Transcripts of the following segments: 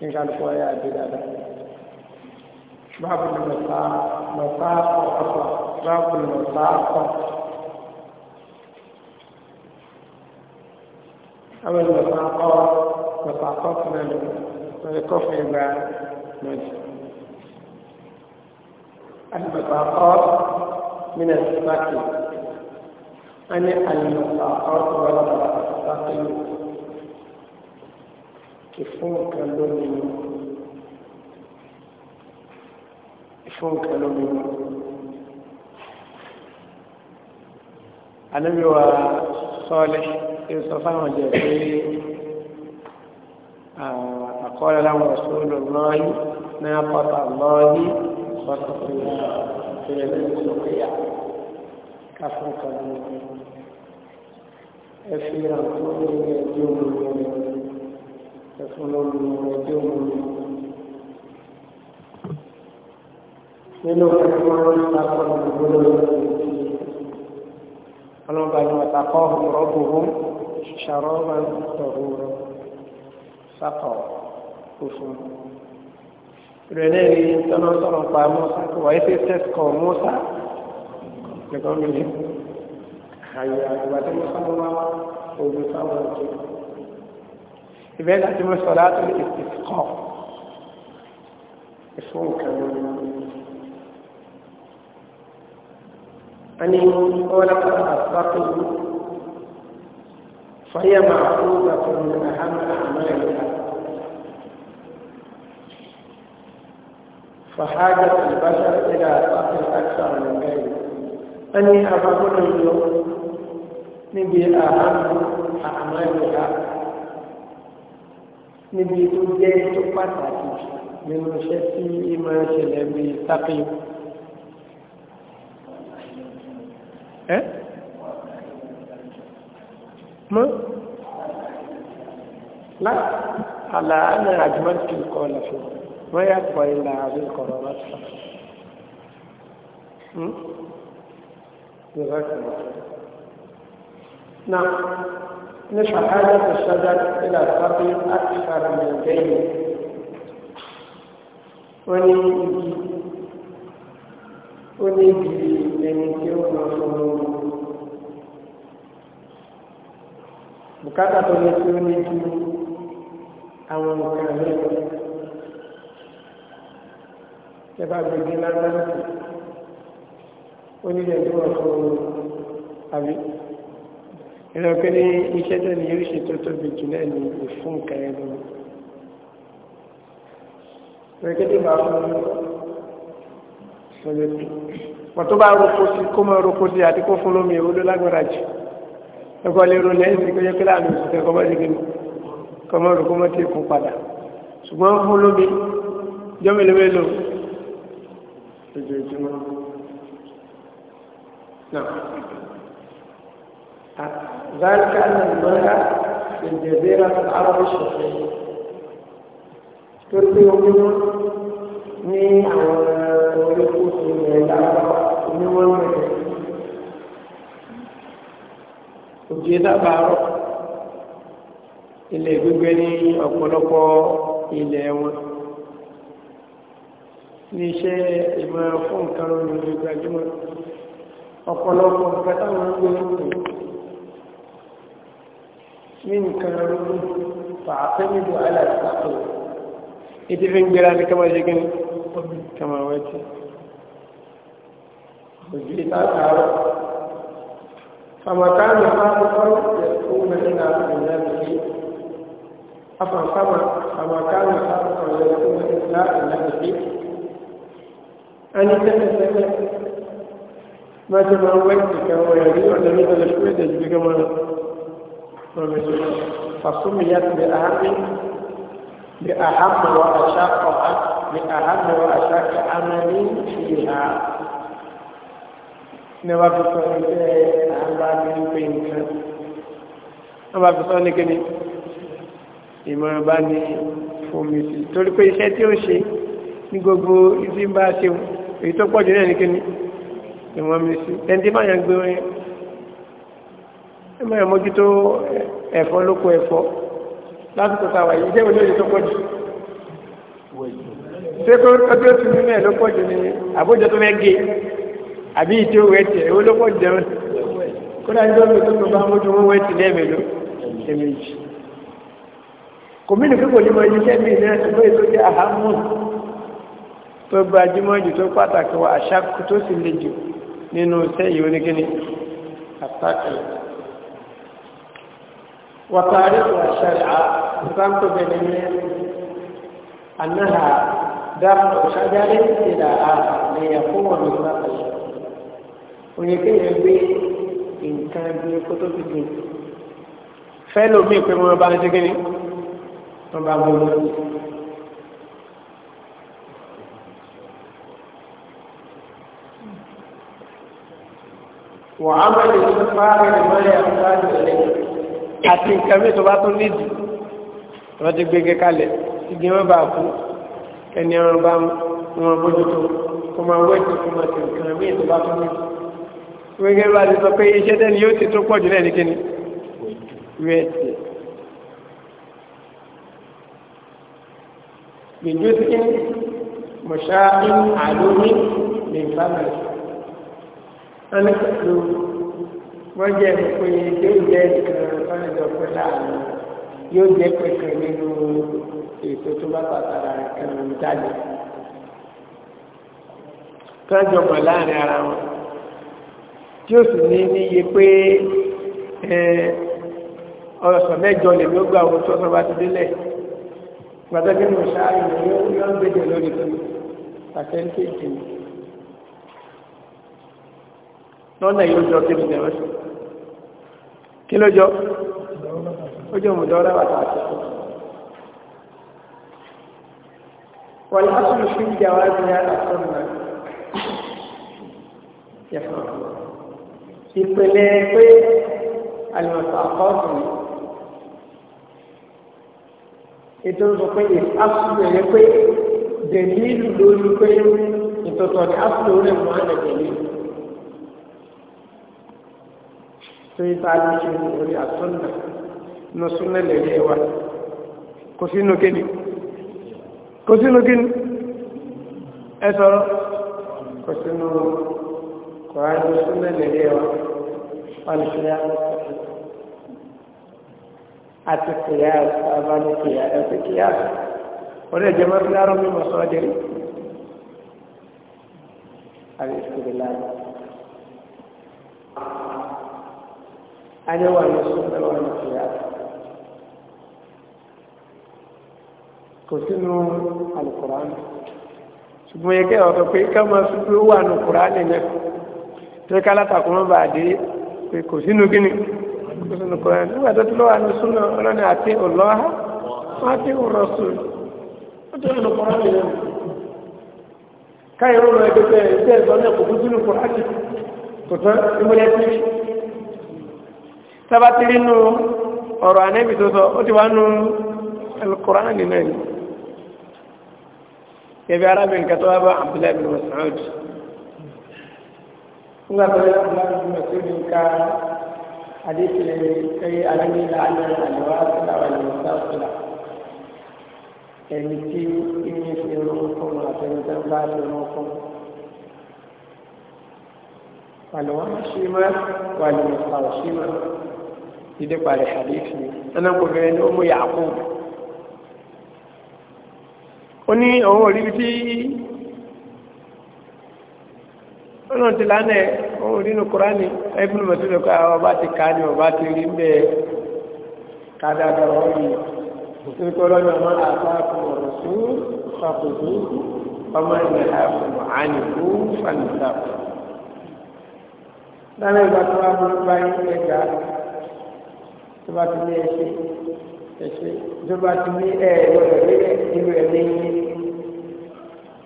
ní kálukú ayé àti dada báàbù lọ́sà lọ́sà ọ̀pọ̀ báàbù lọ́sà ọ̀pọ̀ àwọn lọ́sà ọ̀pọ̀ lọ́sà ọ̀pọ̀ fúnẹ̀ lọ lórí kọ́fù ìgbà lọ́jì. àdìbàtà ọ̀pọ̀ mílẹ̀ sípàkì. أنا المساقات ولا مساقين ìfún nǹkan lómi ìfún nǹkan lómi anábíwá sọ́ọ̀lẹ̀ tí ó sọ fáwọn jẹ́ pé àkọọ́lẹ̀ láwọn ọ̀ṣọ́lọ̀ lọ́yí náà pọ̀tà lọ́yí pọ̀tà lọ́yí káfíńkà lómi ẹ fi hàn tó ní ẹjọ́ lómi ẹ̀fún lórí ẹjọ́ òun. nínú ẹ̀fún wọn ní akọ ìdúró lórí ọlọ́ba ni wọ́n takọ́ rọ́bù hún ṣàrọ́bà tọ̀hún rọ́ sákọ̀ òfin. ìrẹ̀lẹ̀ rí tọ́nà sọ̀rọ̀ pa mọ́sá kò wáyé pé tẹ́sítọ̀ mọ́sá nìkan mi ní àyè àgbàdo mọ́sá wọn ب ا د ة الاستسقاء اسم ك م ن اني قولك اصدقي فهي م من اهم اعمالها فحاجة البشر الى قتل اكثر من غيره اني افضل من أهم اعمالها níbi tó jẹ́ tó pàtàkì nínú iṣẹ́ tí ìmọ̀ ṣẹlẹ̀ bí tápé. ẹ́ mọ́ láti àlàáfíà àjùmọ̀tì kọ́ lọ́fọ́ wọ́n yà pọ̀ ilà àbí kọ̀rọ̀ bá sọ. Yorùbá kìí. Náà. لشهادة الشجر إلى الرقي أكثر من الجيل ونيجي ونيجي لنيجي ونصنون bùkátà tó ní tí ó ní ju àwọn nǹkan rẹ lọ ìjọba gbèdé lágbára onílẹ̀ tó wà fún un àbí ìlọ pé ní iṣẹ́ tó ní yóò ṣe tó tóbi jù náà ní ìfún nǹkan ẹnu rẹ̀kẹ́tì máa fún un lọ́lẹ́ wọ́n tó bá roko sí kó mọ roko sí àti kó fún lómi ìwúlò lágbára jù ẹ̀kọ́ lè ro lẹ́yìn sí kójọ́ kílà àmì òṣìṣẹ́ kọ́mọ́ ìdíje mi kọ́mọ́ roko mọ́ tí kò padà ṣùgbọ́n fún lómi jọ́mẹ́lẹ́mẹ́lò ojoojúmọ́ ذلك أن المرأة في الجزيرة العرب الشرقية تربي منهم ní àwọn olókùnkù ilẹ̀ lárúbá oníwọ̀n mẹ́rin òjì dábàárọ̀ ilẹ̀ ní ọ̀pọ̀lọpọ̀ ilẹ̀ wọn ní iṣẹ́ ìmọ̀ fún nǹkan lórí gbajúmọ̀ ọ̀pọ̀lọpọ̀ nǹkan táwọn ń gbé lórí ní nǹkan ronú fàáfẹ́mìdò aláìsàkó ìdí fi ń gbéra ní kama ṣe gẹ́ni kama wẹ́tì òjú ìtàkàrọ̀ فمكان خالقا يكون إلى عبادته أفهم فما كان خالقا يكون إلى عبادته أن تتسلل ما تموتك ويريد أن يدل شوية بكما فسميت بأهم بأهم وأشق بأهم وأشق عمل فيها نوافي صلى الله عليه وسلم نوافي صلى الله ìmọ̀ràn bá ní fòmì sí torí pé iṣẹ́ tí ó ṣe ní gbogbo ìdí bá ṣe èyí tó pọ̀jù náà ní kí ni ìwọ̀n mi sí ẹni tí báyàn gbé wọn ẹmọ ìmójútó ẹ̀fọ́ lóko ẹ̀fọ́ lásìkò tàwa yìí jẹ́ olóyè tó pọ̀ jù ṣé kó ọdún tún nínú ẹ̀ ló pọ̀ jù ní àbójọ tó fẹ́ gé àbí ìtí òwe tiẹ̀ owó ló pọ̀ jù jẹun kódà ní ọdún tó tó bá mójú owó wẹ̀ tì lẹ́ẹ̀mẹ́lò ẹ̀mẹ́jì kòmínú kíkò ní mọ iṣẹ́ mi ní ẹ̀sùn tó jẹ́ àhámù tó gbajúmọ̀ jù tó pàtàkì tó وتاريخ الشرع ظننت باليمين أنها دفع شجر إلى آخر ليقوم بساق الشجر ويكون يبي إن كان كتب الدين فلو مي في مو بان سكني مو بان بولو وعمل الكفار لما يحتاج إليه àti nǹkan mi tó bá tún nídìí wọ́n ti gbé kékalẹ̀ igi wọn bá kú ẹni ọrùn bá wọn bójútó kó máa wẹ́ẹ̀tì kó máa ti nǹkan mi tó bá tún nídìí gbẹgẹ bá ti sọ pé iṣẹ́ tẹ́ni yóò ti tó pọ̀ jù lẹ́ni kíni wẹ́ẹ̀tì gbèjú sí kíni mọ̀ṣáá ń àlómi lè bá bẹ̀rẹ̀ wọ́n jẹ́ pé yóò jẹ́ ìkànnì láàrin yóò jẹ́ pẹ̀kẹ̀ nínú ètò tó bá pàtàkì ìkànnì jáde. kájọ mọ̀ láàrin ara wọn tí ó sì ní níye pé ọ̀sọ̀ mẹ́jọ lè ló gba owó tó ọ̀sán bá ti délẹ̀ pàtàkì nù sáà ìrìn yóò gbèdè lórí pẹ̀lú pàtẹ́ńtéèjì ni lọ́nà yóò jọ kí lójọ rẹ̀ kí lójọ ó jẹ́ òmùdọ́ rẹ̀ wàtà àti wọ́n lásìkò sí ìjà wá ní àtọ́nà yẹ̀fọ́ ìpìlẹ̀ pé àlùmọ̀tà àkọ́ọ̀tù ètò ìsọpẹ́ yìí áfíìsì rẹ̀ lórí pé ìtọ̀tọ̀ ni áfíìsì rẹ̀ mọ́ àlẹ̀ dẹ̀lí ṣe ìtàlù ṣe orí àtúnnà ní súnlẹ̀ lẹ́yẹ wa kò sínú kíni kò sínú kíni ẹ sọ̀rọ̀ kò sínú kòránì súnlẹ̀ lẹ́yẹ wa alìṣẹ́yà àti kìyà àbáni kìyà àti kìyà orí ẹ̀jẹ̀ máa fi dárọ́ mímọ̀ sọ́ọ́dẹ̀rì alìṣẹ́yà. أنا والسنة والخلاف كسنو القرآن ṣùgbọ́n yẹ kẹ́ ọ̀tọ̀ pé ká máa fi pé ó wà ní kùránì náà tẹ́ ká látàkùn mọ́ bàá dé pé kò sínú gíní kò sínú kùránì nígbà tó tún lọ́wọ́ àánú súnà ọlọ́ni àti ọlọ́ha wọ́n ti ń rọ sùn ó tún nínú kùránì náà káyọ̀ ọ̀rọ̀ ẹgbẹ́ bẹ́ẹ̀ iṣẹ́ ìtọ́jú kò sábàtìrì nù ọ̀rọ̀ ànẹ́bì tó sọ ó ti wá nù alukóran nínú ẹ̀ yẹbi arábìnrin kẹtọ́ bá abdullahi bin masoud nígbà tó yẹ abdullahi bin masoud ká adéṣe ẹyẹ alámìlá alẹ́ àlẹ́wà sílá wà ní sáfìlà ẹni tí ìní fi rún fún àtẹnudẹ́ bá fi yi da kwari hadisi ana kò fẹ́ ní ọmọ yàkó ó ní òun ò rí bí tí ọlọ́run ti lánàá òun ò rí nu kúránì ẹ̀bùn mọ̀tò lọ́kọ́ àwọn ọba ti ká ní ọba ti rí bẹ́ẹ̀ ká dáadáa wọ́n yìí nítorí pé ọlọ́run ọmọ àbáàkùn ọ̀rọ̀ sí fàkùnkù ọmọ ìlẹ̀ ààbùn àníkú fanìtàkùn. lánàá ìgbà tó wà fún báyìí tó bá ti ní ẹṣẹ ẹṣẹ tó bá ti ní ẹ gbọ́dọ̀ ní irú ẹ ní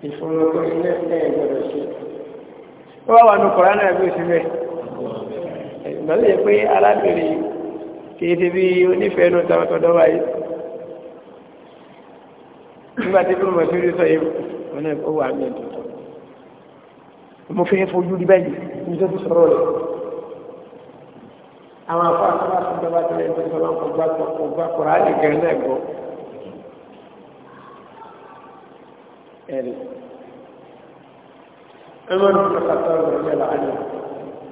ìfọwọ́kọ ilé ẹ gbọ́dọ̀ ṣe. ó wá wà ní kọ̀ọ̀rán náà bí òsì bẹ́ẹ̀ ìgbàlẹ́ yẹ pé alábìrin kìí ti bí onífẹ̀ẹ́ nù tàbátọ̀dọ́ wáyé nígbà tí kúrò mọ̀ sí orí sọ yìí wọn náà wà ní ẹ̀dùn mo fẹ́ fojú rí báyìí nítorí sọ̀rọ̀ rẹ̀ àwọn afọ àtúbà tó dọ́gba tó lè tó sọ́nà kó gbà kó kó gbà kó ráàlì gẹ̀rẹ́ náà gbọ́. ẹ̀rí ẹ̀rọ ní kọ́kà tó ọ̀rọ̀ ọ̀rọ̀ ẹ̀rọ àjọ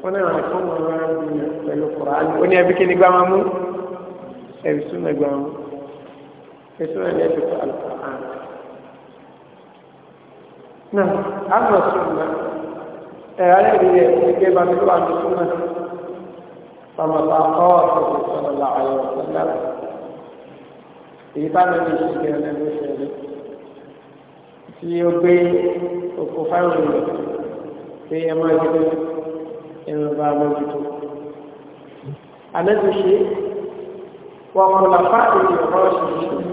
wọn náà àti wọn wọn máa ń bí pẹ̀lú kùránì ó ní ẹbí kí ni gbá máa mú ẹ̀rí súnmọ̀ gbá mú ẹ̀rí súnmọ̀ ní ẹ̀dùkú àlùkò náà àgbọ̀ súnmọ̀ ẹ̀rọ alẹ́ ìdílé ẹ̀kọ́ ìgbé bá mi lọ́wọ́ àdùkú náà طبقات صلى الله عليه وسلم ìbámu ní ìṣègbè ẹlẹ́nu ìṣẹ̀lẹ̀ tí ó gbé òkú fáwọn èèyàn pé ẹ máa gbé ẹran bá mójútó. àlejò ṣe wọn kò là fá èdè ọ̀rọ̀ ṣiṣẹ́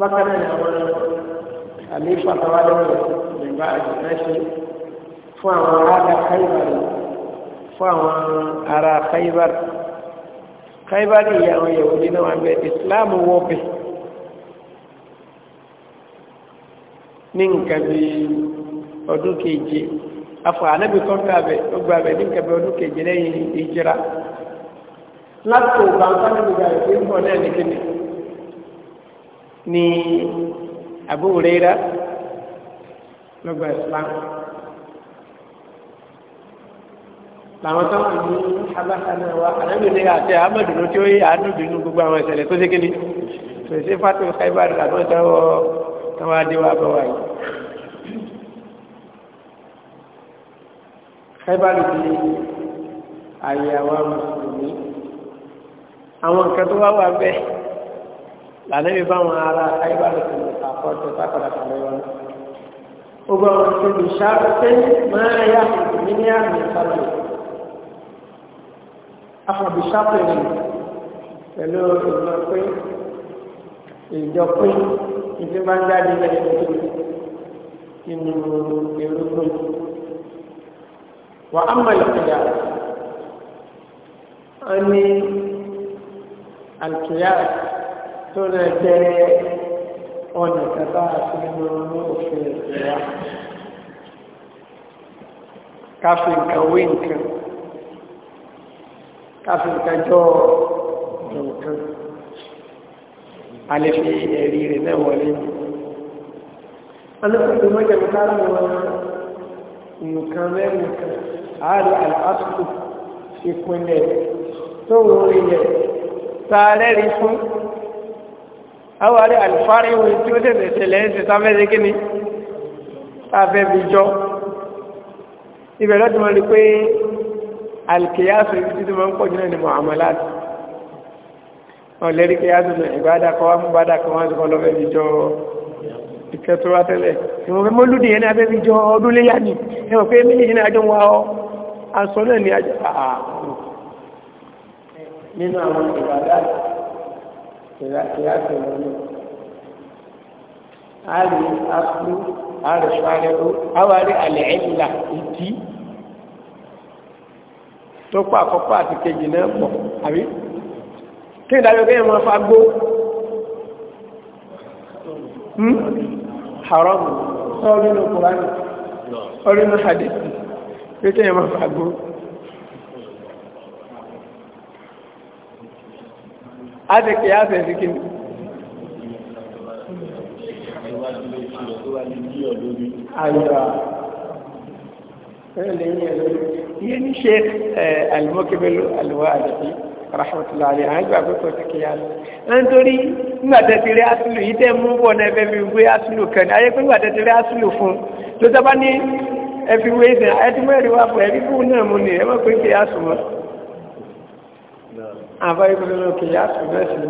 bákan náà àwọn àlééfà tàwa lọ́wọ́ ìgbà àjùmọ̀ ṣe fún àwọn aráàlú àkáyọ̀ àlejò fún àwọn ará Khaybar Khaybar yìí àwọn Yahudi náà wà bẹ Islam wọ bẹ ní nǹkan bí ọdún keje afọ anabi tó gba abẹ tó gba abẹ ní nǹkan bí ọdún keje lẹ́yìn ìjìra láti ògbà nǹkan níbi náà nìkéde ní Abu lọ́gbà Islam. làwọn tó wà ní abáta náà wá ànábì ní àti ahmed ló tí ó yé àádọ́bì inú gbogbo àwọn ìṣẹ̀lẹ̀ tó ṣe kíni tòṣe fatu kaibar làwọn táwọn táwọn adéwà bọ̀ wáyé. kaibar di ayé àwọn mùsùlùmí àwọn nǹkan tó wá wà bẹ́ẹ̀ lànàbí bá wọn ara kaibar tó lè àkọ́jọ sápàdà pàmò wọn. ó gbọ́ wọn tó lè ṣáà pé máa yá nínú àmì ìsàlẹ̀ afọ̀bí sápẹ̀lì pẹ̀lú ìjọ pé ìjọ pé ìdí máa ń jáde lẹ́yìn tó inú èrúgbó wà á mọ̀ ìpìlẹ̀ a ní àlùkìyà tó lè jẹ́ ọ̀nà kẹta àti nínú òfin ìpìlẹ̀ káfíǹkà wí káfí ìkájọ́ nǹkan alẹ́ fi ẹ̀rí rẹ̀ náà wọlé ní ọlọ́pàá mọ́jẹ̀ mọ́tàrà wọn nǹkan mẹ́rin kan àárọ̀ àlàáfíà ìpínlẹ̀ tó wọ́n rí yẹ tààrẹ́ rí fún awari alifari wo tí ó tẹ̀lé ni tá a fẹ́ fi jọ ibẹ̀ alkiyasu ibi títí máa ń pọ̀ jù náà ni muamalat wọn lè rí kiyasu náà ìbáda kan wá mú bàdà kan wá sí kan lọ́fẹ́ fi jọ ìkẹ́ tó wá tẹ́lẹ̀ ìwọ̀n fẹ́ mọ́lúdì yẹn náà fẹ́ fi jọ ọdún léyà ni ẹ̀wọ̀n pé méjì yìí náà jọ wá ọ aṣọ náà ni àjọ àà ah, ah, ah. nínú àwọn ìbàdà kiyasu wọn a rí aṣọ a rí sáré o a wá rí àlẹ́ ìlà ìdí tó pa àkọ́kọ́ àti kejì náà pọ̀ àbí kí n dájọ́ kéèyàn máa fa gbó hmm? haram ọdún ní kùránì ọdún ní hadithi pé kéèyàn máa fa gbó a ti kìí á fẹ́ sí kí ni Àyíká yìí ní sheikh alimokebelu aluwaadati rahmatulah alayhi àwọn ìgbà pípọ̀ ti kìí àlọ́. nítorí nígbà tẹ̀sí rí asulu yìí tẹ̀ mú bọ̀ náà ẹ̀fẹ̀ fi wé asulu kan ní ayé pé nígbà tẹ̀sí rí asulu fún tó sábà ní ẹ̀fí wé sẹ̀ ẹ̀dínwó ẹ̀rí wà fún ẹ̀rí fún náà ni ẹ̀ má pé kìí asu mọ́. àbá ìgbà náà kìí asu náà sí i.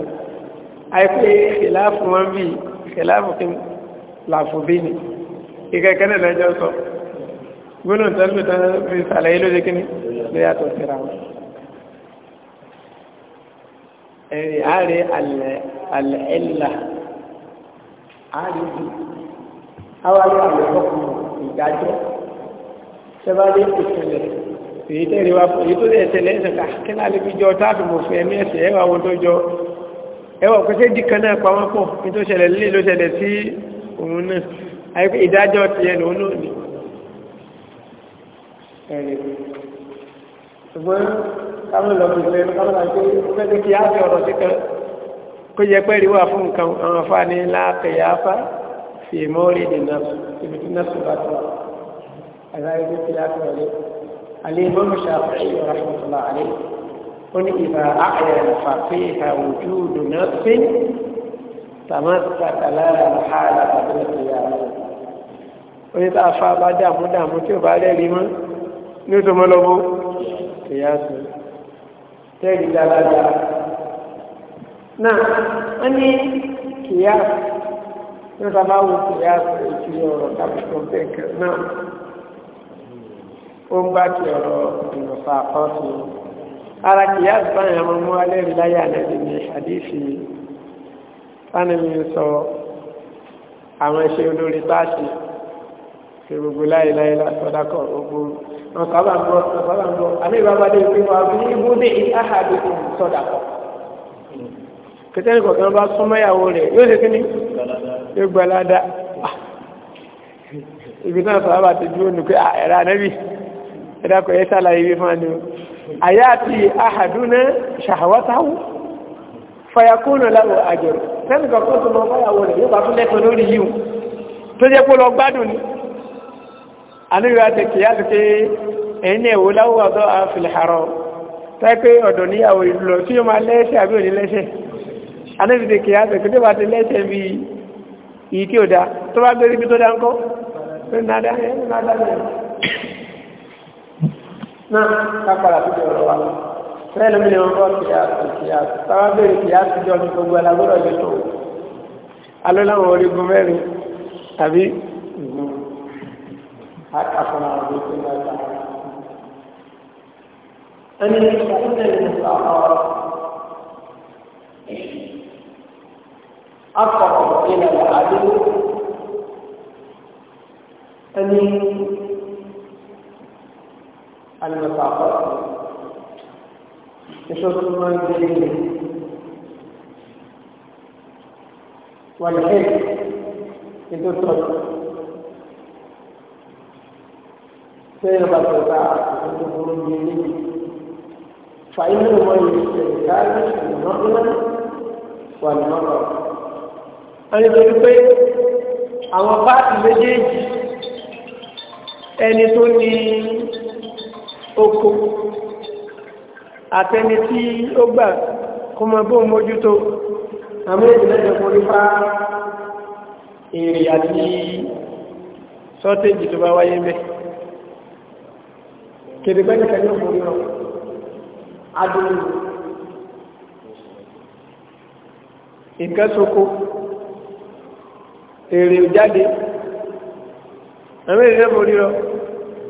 ayé pé ìlà fún wọn bíi ìlà fún kí làfún bí ni ìkẹ́kẹ́ gbólóhùn tó lò tán fi ṣàlàyé lóde kíní ló yàtọ̀ síra wọn. ẹ̀rì àárẹ̀ àlẹ́ ẹ̀là àárẹ̀ bí awárí àwọn ọkùnrin ìdájọ́ sẹ́bàdé ìpínlẹ̀ èyí tẹ́rì wá fún èyí tó lè ṣẹlẹ̀ ẹ̀sẹ̀ ká kí náà lè fi jọ táàfì mọ̀ fún ẹ̀mí ẹ̀sẹ̀ ẹ̀wà wọn tó jọ ẹ̀wà kò sí di kan náà pa wọ́n pọ̀ ní tó ṣẹlẹ̀ lílé ló ṣẹlẹ̀ sí òun náà àyíkú ìdájọ́ tiẹ̀ lòun náà ni ẹ̀rẹ̀ ṣùgbọ́n káwọn lọ fi fẹ́ káwọn lọ fi fẹ́ fẹ́ kí á fi ọ̀rọ̀ sí kan kó yẹ pé rí wà fún nǹkan àwọn afáàní ńlá kẹyà afá fi èmọ́ rí dènà ibi tí náà sùn bá tó àgbáyé tó fi láti wọlé alẹ́ ìmọ̀ mọ̀ṣáfẹ́ yìí ọ̀rọ̀ àfọ̀tọ̀lá alẹ́ ó ní ìfà àyẹ̀ fàfihàn ojú dùnà sí tàmátàkà lára àhálà tàbí ìyá rẹ̀ ó ní tá a fa bá dààmú dààmú tí ò bá ní ìtòmọ́lọ́wọ́ ìyá sọ tẹ́ẹ̀lì dáadáa náà wọ́n ní kìyà ní bàbá wo kìyà sọ ètò ọ̀rọ̀ kápẹ́tọ̀ bẹ́ẹ̀kẹ́ náà ó ń bá ti ọ̀rọ̀ ìrọ̀fà àkọ́sọ ara kìyà sọ àwọn ọmọ mú alẹ́ rí láyé ní àdéhìí fánàmì sọ àwọn iṣẹ́ olórí bá ṣe gbogbo láìláì látọ̀dá kọ̀ gbogbo wọn sábà ń bọ̀ sábà ń bọ̀ àmì ìbámu adé pé wọn àbí ibú dé ìhàdé kò sọ̀dà kọ̀ kẹtẹ́rì kọ̀ọ̀kan bá súnmọ́ ìyàwó rẹ̀ yóò ṣe kí ni yóò gbalada ah. ibi náà sọ̀rọ̀ bá ti dúró nù pé ah, ẹ̀rọ ànábì ẹ̀dá kọ̀ yẹ́ sálàyé bí fún àdéhùn àyà àti àhàdúnà ṣàwátáwù fàyàkúnà láwọ̀ àjọ̀rọ̀ kẹ́nìkan kó sọmọ fáyàwó rẹ̀ yóò bá tún lẹ́tọ̀ lórí yìí tó jẹ́ pé lọ gbádùn ni aníwá ti kìyàtì pé ẹ̀yìn ní ẹ̀wò láwùwà tó a fìlẹ̀ àrọ̀ tẹ́pẹ́ ọ̀dọ̀ níyàwó ìlú lọ tí ó máa lẹ́ṣẹ̀ àbí òní lẹ́ṣẹ̀ aníwá ti kìyàtì pé tó bá ti lẹ́ṣẹ̀ bí ìyí tí ò dá tó bá gbérí bí tó dá ńkọ́ tó náà dá ẹ̀ náà dá orígun mẹ́rin àbí حتى صنع بإذن الله تعالى أن يستعد للمساقات أقرب إلى العدل أن المساقات يشوف المنزلين والحلم يدرس sai ya ba ta ta a cikin wurin biyu ne fa'ilin wani shekaru al-ma'una wal mara ẹni tó pé àwọn páàkì méjèèjì ẹni tó ní oko àtẹni tí ó gbà kó mọ bó mójútó àmì ìdílẹ́jọ kò rí pa èrè àti sọ́tẹ́jì tó bá wáyé mẹ́ kébé pẹ́ẹ́nìkan ní òkú yọ adúlù ìkẹ́soko èrè òjáde àwọn èrè mọ̀ rírọ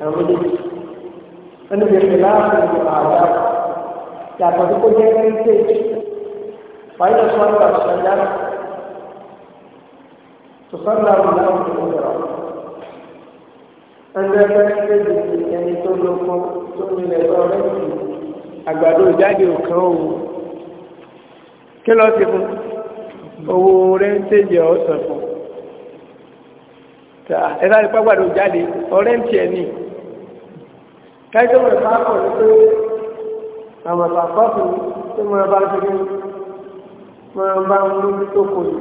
àwọn olóògbé ẹni bèèrè láàrín àwọn yàtọ̀ tó kó jẹ́ heritage fàyẹ̀ sọ́nà àṣàjára tó sọ́nà àwọn ìlànà ìlú ìrọ̀rùn ẹgbẹ́ pẹ́ẹ́tẹ́ẹ̀dì ẹni tó lóko tó nílẹ̀ lọ́rẹ́ sí àgbàdo ìjáde òkan òun kí lọ́ọ́ ti fún owó rẹ́ńtéèjì ọ̀sán fún ta ẹ̀rọ ìpá gbàdọ̀ jáde ọ̀rẹ́ ń tiẹ̀ ní kájọ́mọ̀ ìpápọ̀ ní pé àmàlà pọ́pù tó máa bá dúró máa bá ń lójú tó kò ní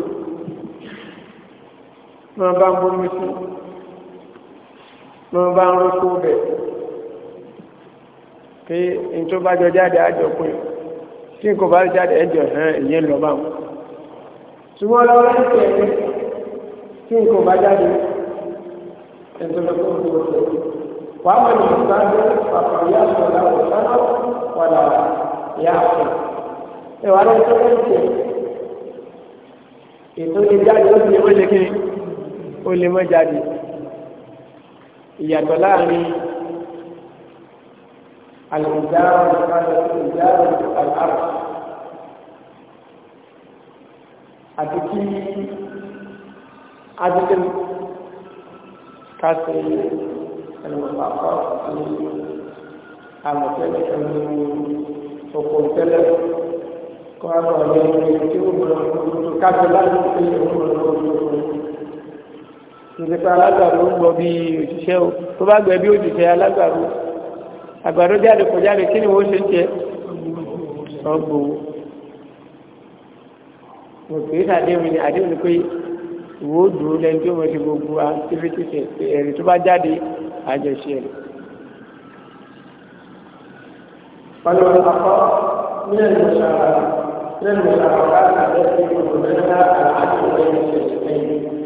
máa bá ń bómi fún ní wọ́n bá ń rókó bẹ̀ pé n tó bá jọ jáde àjọ pé tí kò bá jáde ẹjọ hàn ìyẹn lọ bá wọn ṣùgbọ́n lọ́wọ́ ń tẹ̀ ẹ́ tí kò bá jáde ẹjọ lọ bá wọn pàpà yá yá tẹ̀ ètò ìjáde ìyàtọ̀ láàrin alìdáàrù alìdáàrù alìdáàrù àti kí adìsìn káṣẹ ẹlùmọ̀pàpọ̀ ní àmọ̀tẹ́lẹ̀ ẹ̀rù ọkọ̀ tẹ́lẹ̀ kọ́ àgbà ọ̀lẹ́ tí ó mọ̀ ọ́n ìgbésẹ̀ alágbàdo ń gbọ́ bí òṣìṣẹ́ o tó bá gbẹ bí òṣìṣẹ́ alágbàdo àgbàdo jáde kò jáde kí ni wọ́n ṣe ń jẹ ọgbò mo pè é sàdéhùn ni àdéhùn ni pé ìwọ dùn lẹ́ni tí ó mọ̀ sí gbogbo activities ẹ̀rí tó bá jáde àjọṣe rẹ̀. فلو الأخر من المشاهدات من المشاهدات التي يكون منها العدل بين الشيخين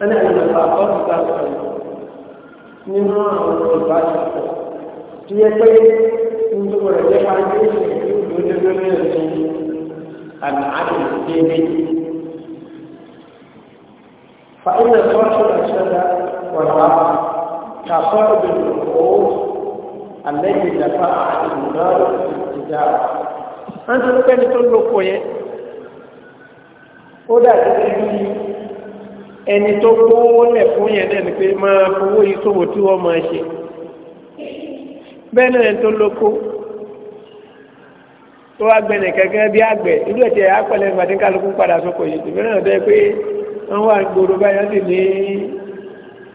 ẹni àgbẹ̀fà ọ̀dùn ká sọ̀rọ̀ nínú àwọn ìbáṣepọ̀ tí yẹ pé ń tó rẹ̀ jẹ́ pàdé ìlú lórí ẹ̀sùn àmì àdùn déédéé. فإن صرف الأجساد والعقل كصرف النقود التي دفع عن المدار في التجارة. أنت لو كان تقول له ó dàbí bí ẹni tó gbówó lẹ̀ fún yẹn náà ni pé máa fowó yìí sòwò tí wọ́n máa ṣe bẹ́ẹ̀ náà tó lóko tó wá gbẹ̀nẹ̀ kẹ́kẹ́ bí àgbẹ̀ irú ẹ̀ tí ẹ̀ apẹ̀lẹ̀ ìgbà tí kálukú padà sóko yìí ìgbẹ́ náà bẹ́ẹ̀ pé wọ́n wà gbòòrò báyọ̀ sì ní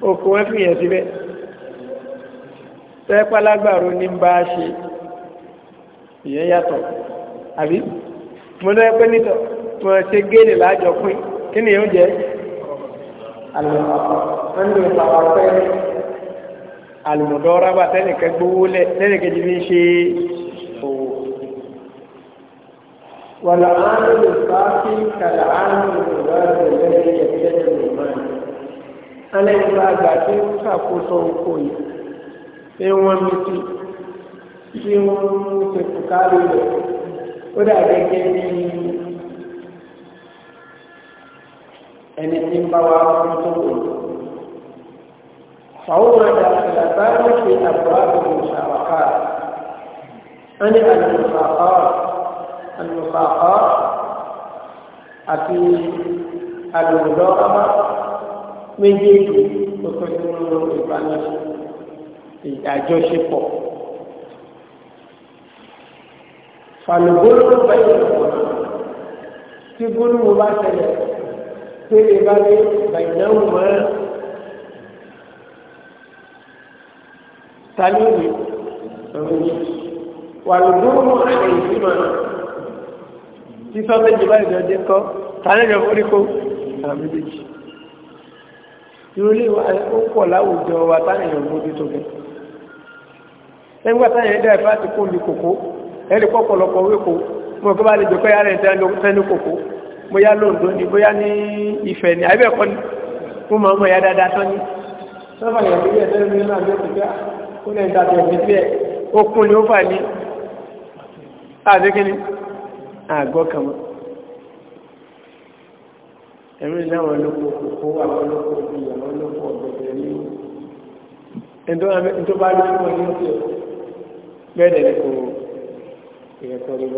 oko wọn fi yẹn síbẹ̀ tẹ́ pálágbàro ní bá a ṣe ìyẹn yàtọ̀ àbí mo náà pé nítọ̀ mo ṣe géèlè láàjọ pín kí ni yóò jẹ́ àlùmọ̀dé ìpàwọ̀ pẹ́ àlùmọ̀dọ́ rábà tẹ́nìkẹ́ gbówó lẹ̀ tẹ́nìkẹ́ ti fi ṣe òwò. wàlà áàrùn ìfàáfí kàlà áàrùn ìwádìí lẹ́yìn ẹ̀jẹ̀ ìmọ̀ràn. alẹ́ ìgbà àgbà tí ń ṣàkóso oko yìí ṣé wọ́n mi ti tí wọ́n ń ṣe kùkárì rẹ̀ ó dà gẹ́gẹ́ bíi ẹni tí ń bá wa fún tó wò. Fàwọn àdá ìlàgbá ló fi àbúrò àbúrò ṣàwàká. Wọ́n ní àlùfàfà àlùfàfà àti àlùdọ́ ọmọ méjèèjì tó tó nínú ìbánisọ̀ àjọṣepọ̀. Fàlùgbóló bẹ́ẹ̀ lọ́wọ́ tí gbóló bá tẹ̀lé tẹ́lẹ̀ bá dé bàyìnáwó máa tani ni ọ̀rọ̀yìn wàlúùdúró àyè ìsìmọ̀ sísọ méjì báyìí lọ dé kọ́ tani ni ọ̀fọ́ níkó àmì méjì ìrọ̀lẹ́ ó pọ̀ láwùjọ wa tani ni ọ̀gbọ́n tó tóbi ẹgbẹ́ tani ni dáìfà ti kó lu kòkó ẹ̀rí pọ̀ pọ̀lọpọ̀ wéko mo kọ́ bá lè jọ pé ara ẹ̀ tẹ́nu kòkó bóyá lóòótọ́ ni bóyá ní ìfẹ́ ni àbí ẹ̀kọ́ ni fún mọ́ ọmọ ìyá dáadáa tán ni sọ́fà ìyàwó ilé ẹ̀dẹ́ mi náà jẹ́ pípẹ́ ó lè dàbí ẹ̀mí sí ẹ̀ okun ni ó fà ní àti kí ni àgọ́ kan mọ́ ẹ̀mí láwọn olóko kókó àwọn olóko bí àwọn olóko ọ̀gbẹ̀gbẹ̀ ní ẹ̀dọ́ bá lóko ní ọ̀sẹ̀ bẹ́ẹ̀ dẹ̀ kò ìrẹ̀kọ́ lóko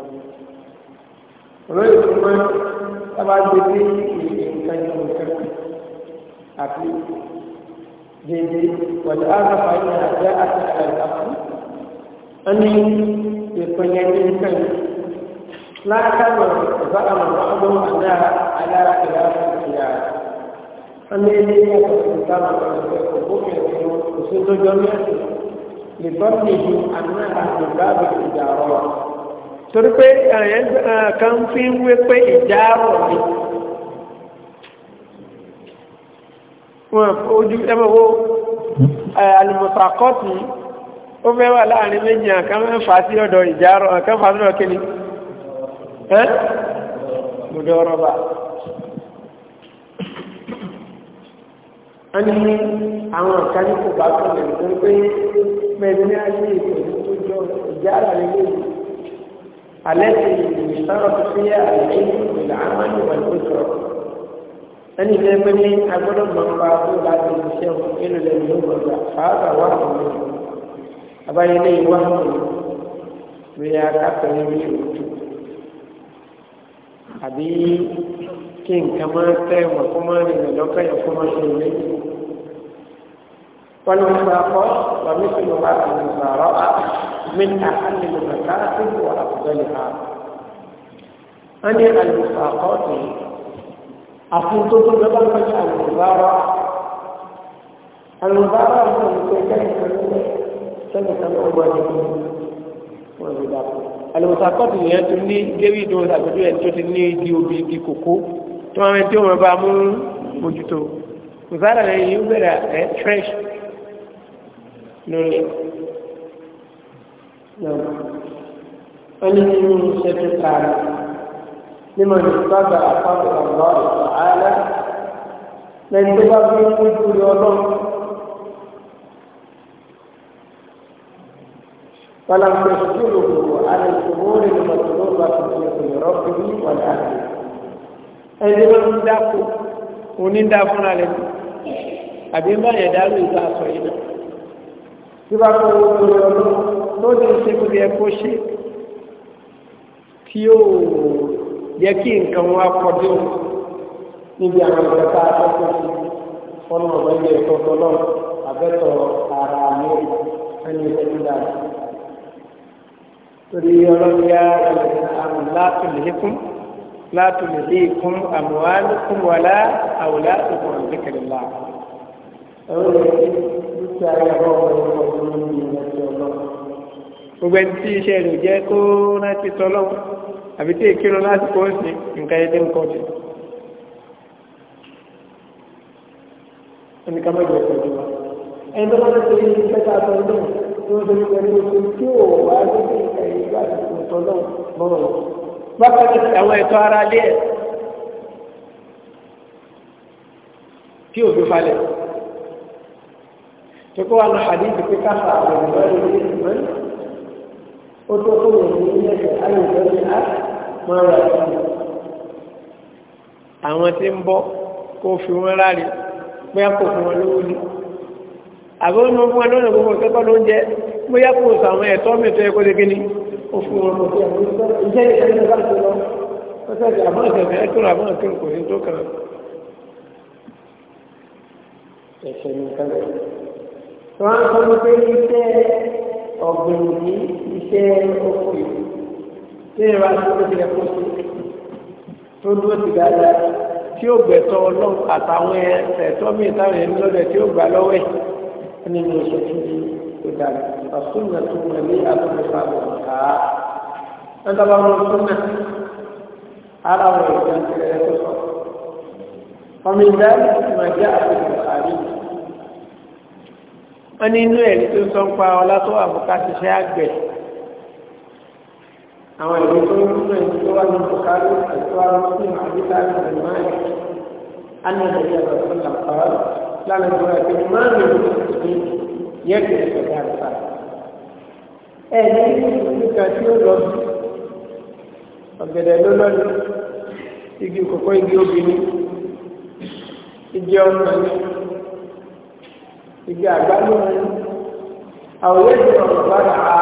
olórí tó máa ń bá gbé dé nǹkan ìlú ìkẹ́kọ̀ọ́ àti dèdè wàjú àgbàfà yìí àti àtàkà ìdàkú wọn ní ìpínlẹ̀ ní nǹkan lákàmọ̀ ìbáàmọ̀ ọdún àdá alára ìlà ìyá wọn ní ilé ìyàtọ̀ ìdáhùn ọ̀sẹ̀ òkúkẹ́ ìlú òṣèlú jọmíà lè bọ́ nìyí àná àti báàbí ìdàrọ̀ torí pé ẹ̀yẹn kan fi ń wé pé ìjà rọ̀ ni wọn ojú ẹmọ wo alùmọ̀sàkọ́tì ó fẹ́ wà láàrin méjì àkán mẹ́fà sí ọ̀dọ̀ ìjà rọ̀ àkán fà sọ́dọ̀ kí ni ẹ́ gbọ́dọ̀ ọ̀rọ̀ ní àwọn àkáníkò bá tó lè nítorí pé mẹ́rin ní ayé ìpèsè tó jọ ìjà rà lélẹ́yìn التي يشترط فيها العلم بالعمل والأسرة أني دائما أقول من بعض بعد الشيخ إلى لم يوجد هذا وهم منه أبا إليه وهم ويا كابتن يمشي àbí كين nǹkan máa tẹ́ wọn kó máa rìn والوثاق ومثلها المزارعة من أهم المكاسب وأفضلها أن الوثاقات أفضل لبن المزارعة المزارعة من كيف سنة الأولى alùpàkọ́tù yẹn tún ní gẹ́rí ìdó àgbẹ̀dọ́ ẹni tó ti ní ìdí obì ìdí kòkó tí wọ́n rẹ̀ tí wọ́n bá mú mójútó ìfádà rẹ̀ yìí ń bẹ̀rẹ̀ ẹ̀ fresh lórí náà wọ́n ní nínú iṣẹ́ tó kára nímọ̀ nígbàgbà àpapọ̀ ọ̀rọ̀ ọ̀hánà lẹ́yìn tó bá fi ń kú lórí ọlọ́run فلم تشكله على الأمور المطلوبة من ربه والأهل ẹni ló ń dáko onídàáfúnra rẹ àbí má yẹ dáró ìta sọ yìí náà tí bá kọ́ owó lórí ọlọ́ lóde ṣe kó yẹ kó ṣe tí ó yẹ kí nǹkan wá kọjú níbi àwọn ìjọba akẹ́kọ̀ọ́ sí fọ́nà ọ̀gbẹ́gbẹ́ ìtọ́tọ́ náà abẹ́tọ̀ ara mi ẹni ìṣẹ́jú dáadáa. torí ọlọ́run yá àrùn látòlẹ́kùn látòlẹ́kùn àmọ́ àlùkùn wàlá àwòlá ìkùn àbíkẹ̀lẹ̀ láàbù kí ayé àbọ̀wọ̀ ọ̀pọ̀ tó ń bí ẹni tí ọlọ́run. gbogbo ẹni tí iṣẹ́ rẹ̀ jẹ́ tó rántí tọ́lọ́run àbí tí ìkírun lásìkò òsì nǹkan ẹdẹ ń kọ́ jù. ẹni ká má jẹ ìtọ́jú wa. ẹni tó bá ń ṣe ilé iṣẹ́ tá a tí wọ́n ṣe pẹ̀lú oṣù tí ò wá sí ẹ̀yìn lásìkò tọ́lọ́run mọ́rọ̀. bákan náà àwọn ẹ̀tọ́ ara lé tukọ́ wa ní hadithi pé káfà àwọn ìgbà yìí ní ìgbà yìí ó tó kó wọ́n ní ilé ẹ̀sẹ̀ ayé ìgbà yìí á máa rà sí i. àwọn tí ń bọ́ kó fi wọn láre bóyá kò fún wọn lówó ni àbọ̀ ní wọ́n fún wọn lọ́nà gbogbo ìkẹ́kọ̀ọ́ ló ń jẹ bóyá kò sọ àwọn ẹ̀tọ́ mi tó yẹ kó dégé ni ó fún wọn kò fún wọn ìjẹ́ ìjẹ́ ìjẹ́ ìjẹ́ àbọ̀ ìjẹ̀bẹ̀ ẹ̀ tó rà àbọ̀ ìkẹ́kọ̀ọ́ kò ní tó kàn án. ẹ̀sẹ̀ nìkan lẹ́yìn wọ́n á sọ wípé iṣẹ́ ọ̀gbìn yìí iṣẹ́ oko yìí tí ìrọ̀ àdúgbò ti ẹ̀kọ́ sí tó dúró ti dáadáa tí ó gbẹ̀tọ́ ọlọ́run àtàwọn ẹ̀tọ́ míì táwọn ẹni lọ́dẹ̀ tí ó gbà lọ́wọ́ ẹ̀ nínú oṣù tó ti tó dára ọ̀sùnà tó mọ̀ ní àtúntò sábọ̀ ká ẹ̀dọ́gba wọn súnà ara wọn ìgbà tẹ̀lé ẹ̀kọ́ sọ. ọmọ ìgbà ìgbà jẹ́ àtúntò àríyìn wọ́n ní inú ẹ̀rí tó sọ ń pa ọlá tó wà fún káṣíṣẹ́ àgbẹ̀ àwọn ẹ̀rí tó ń rúnú ẹ̀rí tó wà nínú kárí àti wà nínú àbíká àti máàlì ánà ìdí ẹ̀rọ tó là pàrọ̀ lánà ìgbà tí máàlì ló ti yẹ kí ẹ̀ sọ̀rọ̀ àgbà ẹ̀rí nígbà tí ó lọ ọ̀gẹ̀dẹ̀ ló lọ́nu igi kòkó igi obìnrin igi ọmọ yìí igi àgbálùmọ̀ àwọn ẹgbẹ́ ọ̀rọ̀ bá rà á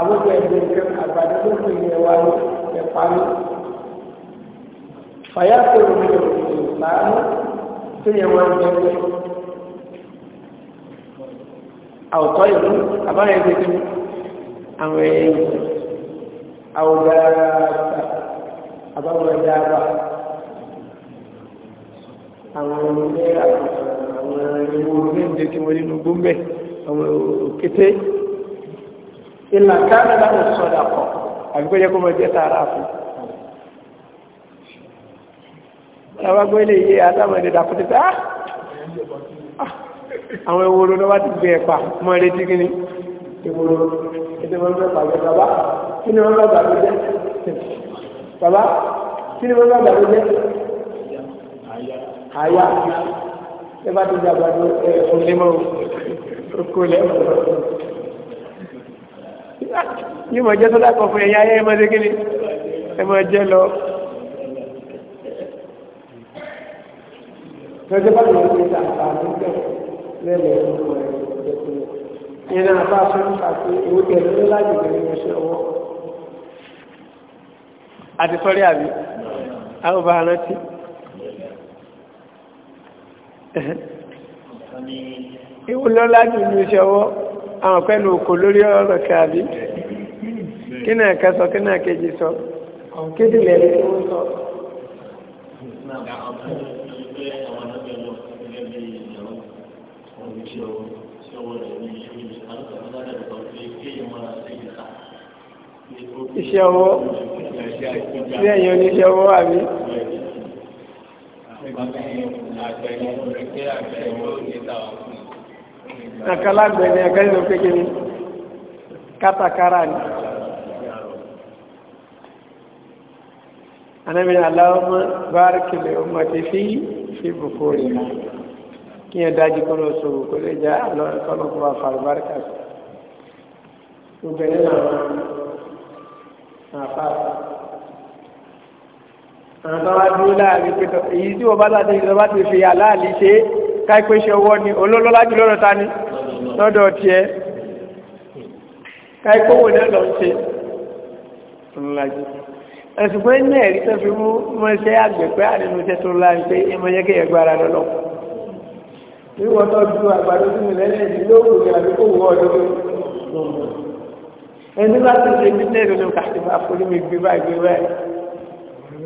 àwọn ẹgbẹ́ ẹgbẹ́ àgbàdo tó fi ilẹ̀ wa lọ ẹ̀pá lọ. fàyà tó ń lò láàánú tó yẹ wọn gbẹgbẹ àwòtọ́ ìlú àbáyé gbẹgbẹ àwọn ẹ̀yẹ àwògbà àbáwọ̀ ẹ̀dá àwọn ẹ̀yẹ àbá àwọn ewu orílẹ̀-èdè tí wọ́n nínú gbóngbẹ̀ àwọn òkété ìlà káàmì láwọn sọ̀dà pọ̀ àbíkó jẹ́ kó mọ jẹ́ tààrà fún àwọn gbé lè yé adámọ̀dé dàkúté pé ah! Ah! àwọn ewu orílẹ̀ wá ti gbé ẹ̀pà mọ́ retí kí ni ewu orílẹ̀ ètò ìwọ̀n bẹ́ẹ̀ pàgẹ́ bàbá kí ni wọ́n bá gbàgbé jẹ́ bàbá kí ni wọ́n ẹ bá ti dàgbà tó ẹ fún lémọ oko lẹ́mọ̀ yóò máa jẹ́ sọ́dá kan fún ẹ̀yà ayé ẹ máa ṣe kéde ẹ máa jẹ́ lọ. lọ́jọ́ bá lọ́wọ́ ṣe àǹfààní bẹ́ẹ̀ lẹ́lẹ̀ ọ̀rọ̀ ẹ̀ ìrìn àbá fún àti owó tẹ̀lé ńlá jùlọ ní ọṣẹ ọwọ́. àti sọ́rí àbí àwọn ọba arántí. Ìwò lọ́lá jù ní iṣẹ́ ọwọ́, àwọn pẹ̀lú òkò lórí ọ̀rọ̀ kàbí. Kí náà ká sọ, kí náà kejì sọ, kí dìlẹ̀ rí sọ. Iṣẹ́ sí ẹ̀yìn oníṣẹ́ àbí? Kàkàlà gbẹ̀ ni ẹgbẹ́ ìlú pé kìíní, kátàkárà ni. Anábìnrin aláwọ̀mọ́ bára kìlẹ̀ ọmọ ti fi fi bùkú rẹ̀ náà. Kí ẹ dájú kọ́ lọ sọ bùkú lè já lọ́rọ̀kọ́ bá fàrí bárkà sí. Obìnrin náà máa fà àtàwọn dúró láàrin pé èyí tí wọ́n bá láti ìjọba ti fi aláàlì ṣe káìpé ṣe ọwọ́ ni olólọ́lá jù lọ́rọ̀ ta ni lọ́dọ̀ tiẹ̀ káìpé wò náà lọ ṣe ńlájú ẹ̀sùn pé ní ẹ̀rí tó fi mú mọ́ iṣẹ́ àgbẹ̀ pé àrínú iṣẹ́ tó láàrin pé ẹmọ yẹ kí ẹgbẹ́ ara ju àgbàdo sí lẹ́lẹ́ yìí ló wù ní àdúgbò ọdún ẹni láti ṣe bísí ẹ̀rọ ní kàtìmá fún mi gbé báyìí gbé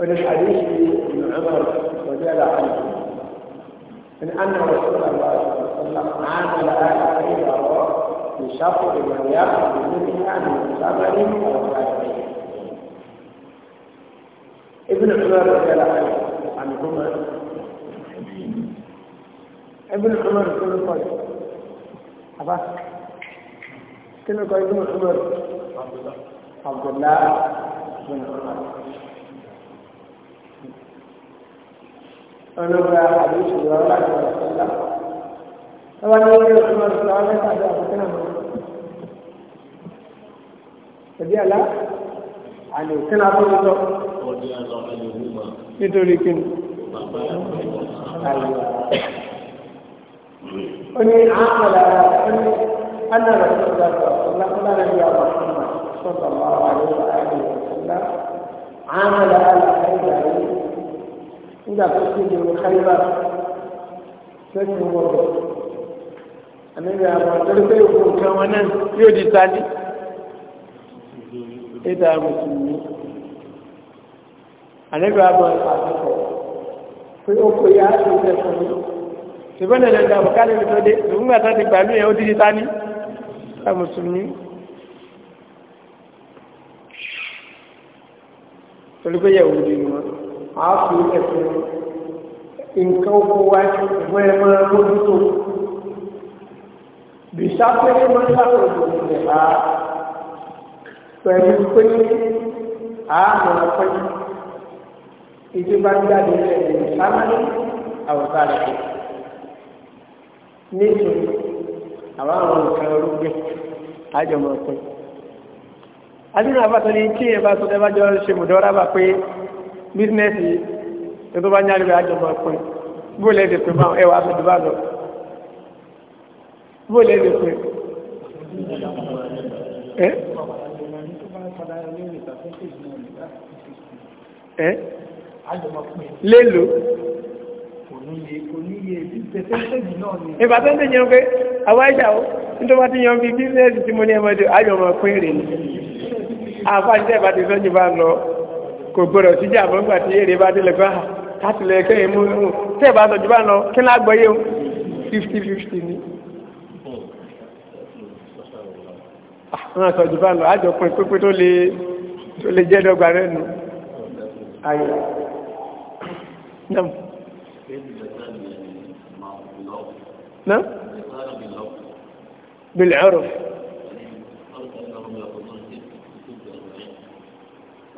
من الحديث ابن عمر رضي الله عنه من أن رسول الله صلى الله عليه وسلم عامل أهل الحجر بشرط ما يأخذ منها من ثمن أو ابن عمر رضي الله عنهما ابن عمر كل قول طيب. أبا كل قول طيب ابن عمر عبد الله بن عمر ọlọ́gbà àdéhùn ìwà láti wà sọ́lá. Ọba ní ilé ọ̀sán máa sọ ọ́lẹ́ta àti àkókò náà. Ẹbí àlá àlè kí náà tó lọ. Nítorí kí ni? Ó ní àpàlà ẹni ánàrà tó lọ sọ̀rọ̀ lápẹ́lá ní ìyá ọ̀sán máa sọ̀tọ̀ máa wà ní ìwà àdéhùn ìwà sọ́lá. عمل على خير nígbà tó kí ni mo káyébà sẹ́yìn mo wọ̀ àníbi àwọn àtẹ́lẹ́ pé òkú nǹkan wọn náà yóò di tani ẹ̀dá mùsùlùmí àníbi àwọn àtẹ́kọ̀ọ́ pé ó kò yá ìṣẹ́ fún mi ṣùgbọ́n nàìjíríà ìgbà àbùkálẹ̀ mi tó dé ìgbà tó ti gbà yẹn ó di di tani ẹ̀dá mùsùlùmí. torí pé yẹ̀ di ni a fi ẹ̀sìn nǹkan oko wa ẹ̀gbọ́n ẹ máa mójútó bìsáfẹ́rẹ́ máa ń sàkóso ìrẹ̀ ha pẹ̀lú pé àmọ̀ ọ̀pẹ́ ìjọba jáde ẹ̀yìn sámánì àwòká rẹ̀ nítorí àwọn àwọn nǹkan orúgbẹ́ àjọmọ̀ ọ̀pẹ́ adínà àbátọ́ ní kí ẹ bá tó ṣe pé bísínẹ́sì yìí tó bá nyá lórí àjọmọ̀ pin bóòlù ẹ̀dẹ̀ pin báwọn ẹwà àti ìdìbò àlọ́ bóòlù ẹ̀dẹ̀ pin. ẹ ẹ lélo ìgbà tó ń tẹ̀ yẹn pé àwọn ẹ̀ṣà ó nítorí wọ́n ti yan bí bísínẹ́sì tí mo ní ẹ̀mọ́dé àjọmọ̀ pin rè ní àfáàjẹ́ ìbá ti sọ́jú bá kò gbọdọ̀ síjà bọ́ nígbà tí èrè bá délẹ̀ gbá ah, kátìlẹ̀ kẹ́yìn mú un tẹ́ ẹ̀ bá sọ jù bá lọ kí náà gbọ́yé o fifty fifty ni. àwọn ah, àṣọ jù bá lọ àjọ pin pínpín tó lè tó lè jẹ́ dọ́gba rẹ̀ nù. bilẹ̀ ọ̀rọ̀.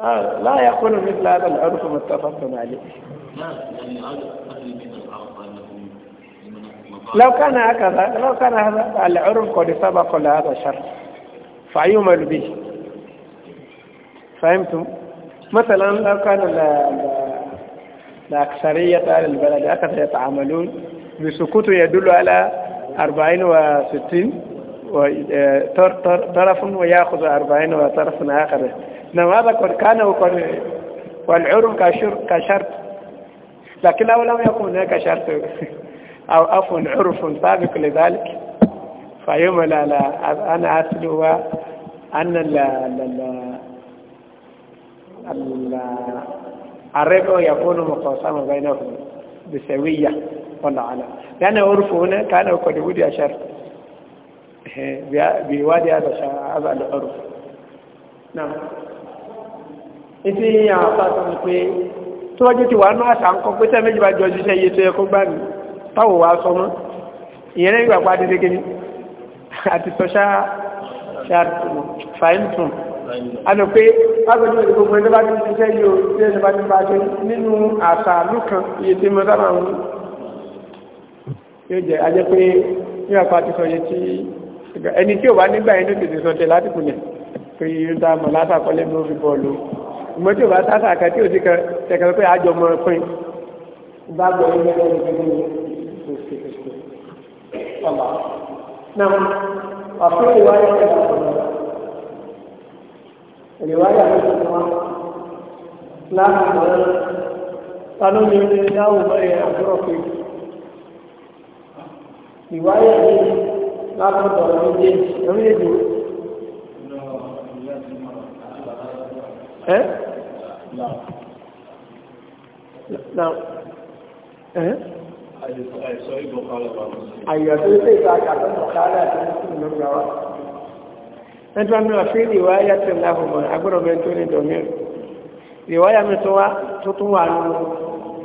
آه، لا يقول مثل هذا العرف متفق عليه لو كان هكذا لو كان هذا العرف قد سبق لهذا الشرط فيعمل به فهمتم مثلا لو كان الأكثرية أهل البلد هكذا يتعاملون بسكوت يدل على أربعين وستين آه، طرف ويأخذ أربعين وطرف آخر لو هذا كان والعرم كشرط لكن لو لم يكن هناك شرط أو عفوا عرف سابق لذلك لا لا أنا أصله أن الربع يكون مقاسما بينهم بسوية والله على لأن عرف هنا كان قد ودي شرط إيه، بوادي هذا العرف نعم ìtí àwọn afáàtọ̀ ni pé tó wájú ti wà náà sàǹkọ́ pé tẹ́ méjì bá jọ ojúṣe iye tó yẹ kó gbà mí táwò wá sọ mọ́ ìyẹn lẹ́yìn ìgbàpá àti dégéní àti sọ ṣáà fàíntùn àti pé lágbàjú ìlú gbogbo ẹni bá ti ṣiṣẹ́ yìí o tí ẹni bá ti bá ṣe nínú àṣà lùkàn iye tí mo sábà ń yóò jẹ ajẹ́ pé nígbàpá àti sọ yẹ tí ẹni tí ò bá nígbà yẹn ló tètè sọ tẹ látìkùnlẹ̀ pé yóò dá mọ̀ látàkọ́lẹ́ bí ó fi bọ́ọ̀lù ìmọ̀ tí o bá sáfà kan tí o ti kan tẹ̀kẹ́ pé àjọ mọ̀ pín bá gbọ́ ilé ẹ̀rọ ìgbẹ́ni òsì òsì ọ̀la. Náà ọ̀fẹ́ ìwáyà ẹ̀ bá sọ̀rọ̀ ìwáyà ẹ̀ bá sọ̀rọ̀ láti sọ̀rọ̀ tánú mi ní láwùjọ mẹ́rin àbúrò pé ìwáyà ẹ̀ láti sọ̀rọ̀ méjèèjì méjèèjì. Ẹ́ Now, eh? Àyọ̀dún ṣe ìgbà àkàtọ̀ Bùkálà àti Mùsùlùmí ló gbà wá. Ẹjọ́ mi wà fí ìwà ayàtọ̀ láhùnmọ̀ agbọ́dọ̀ bẹ tó ní dọ̀míọ̀. Ìwà ayà mi tó wá tó tún wà nínú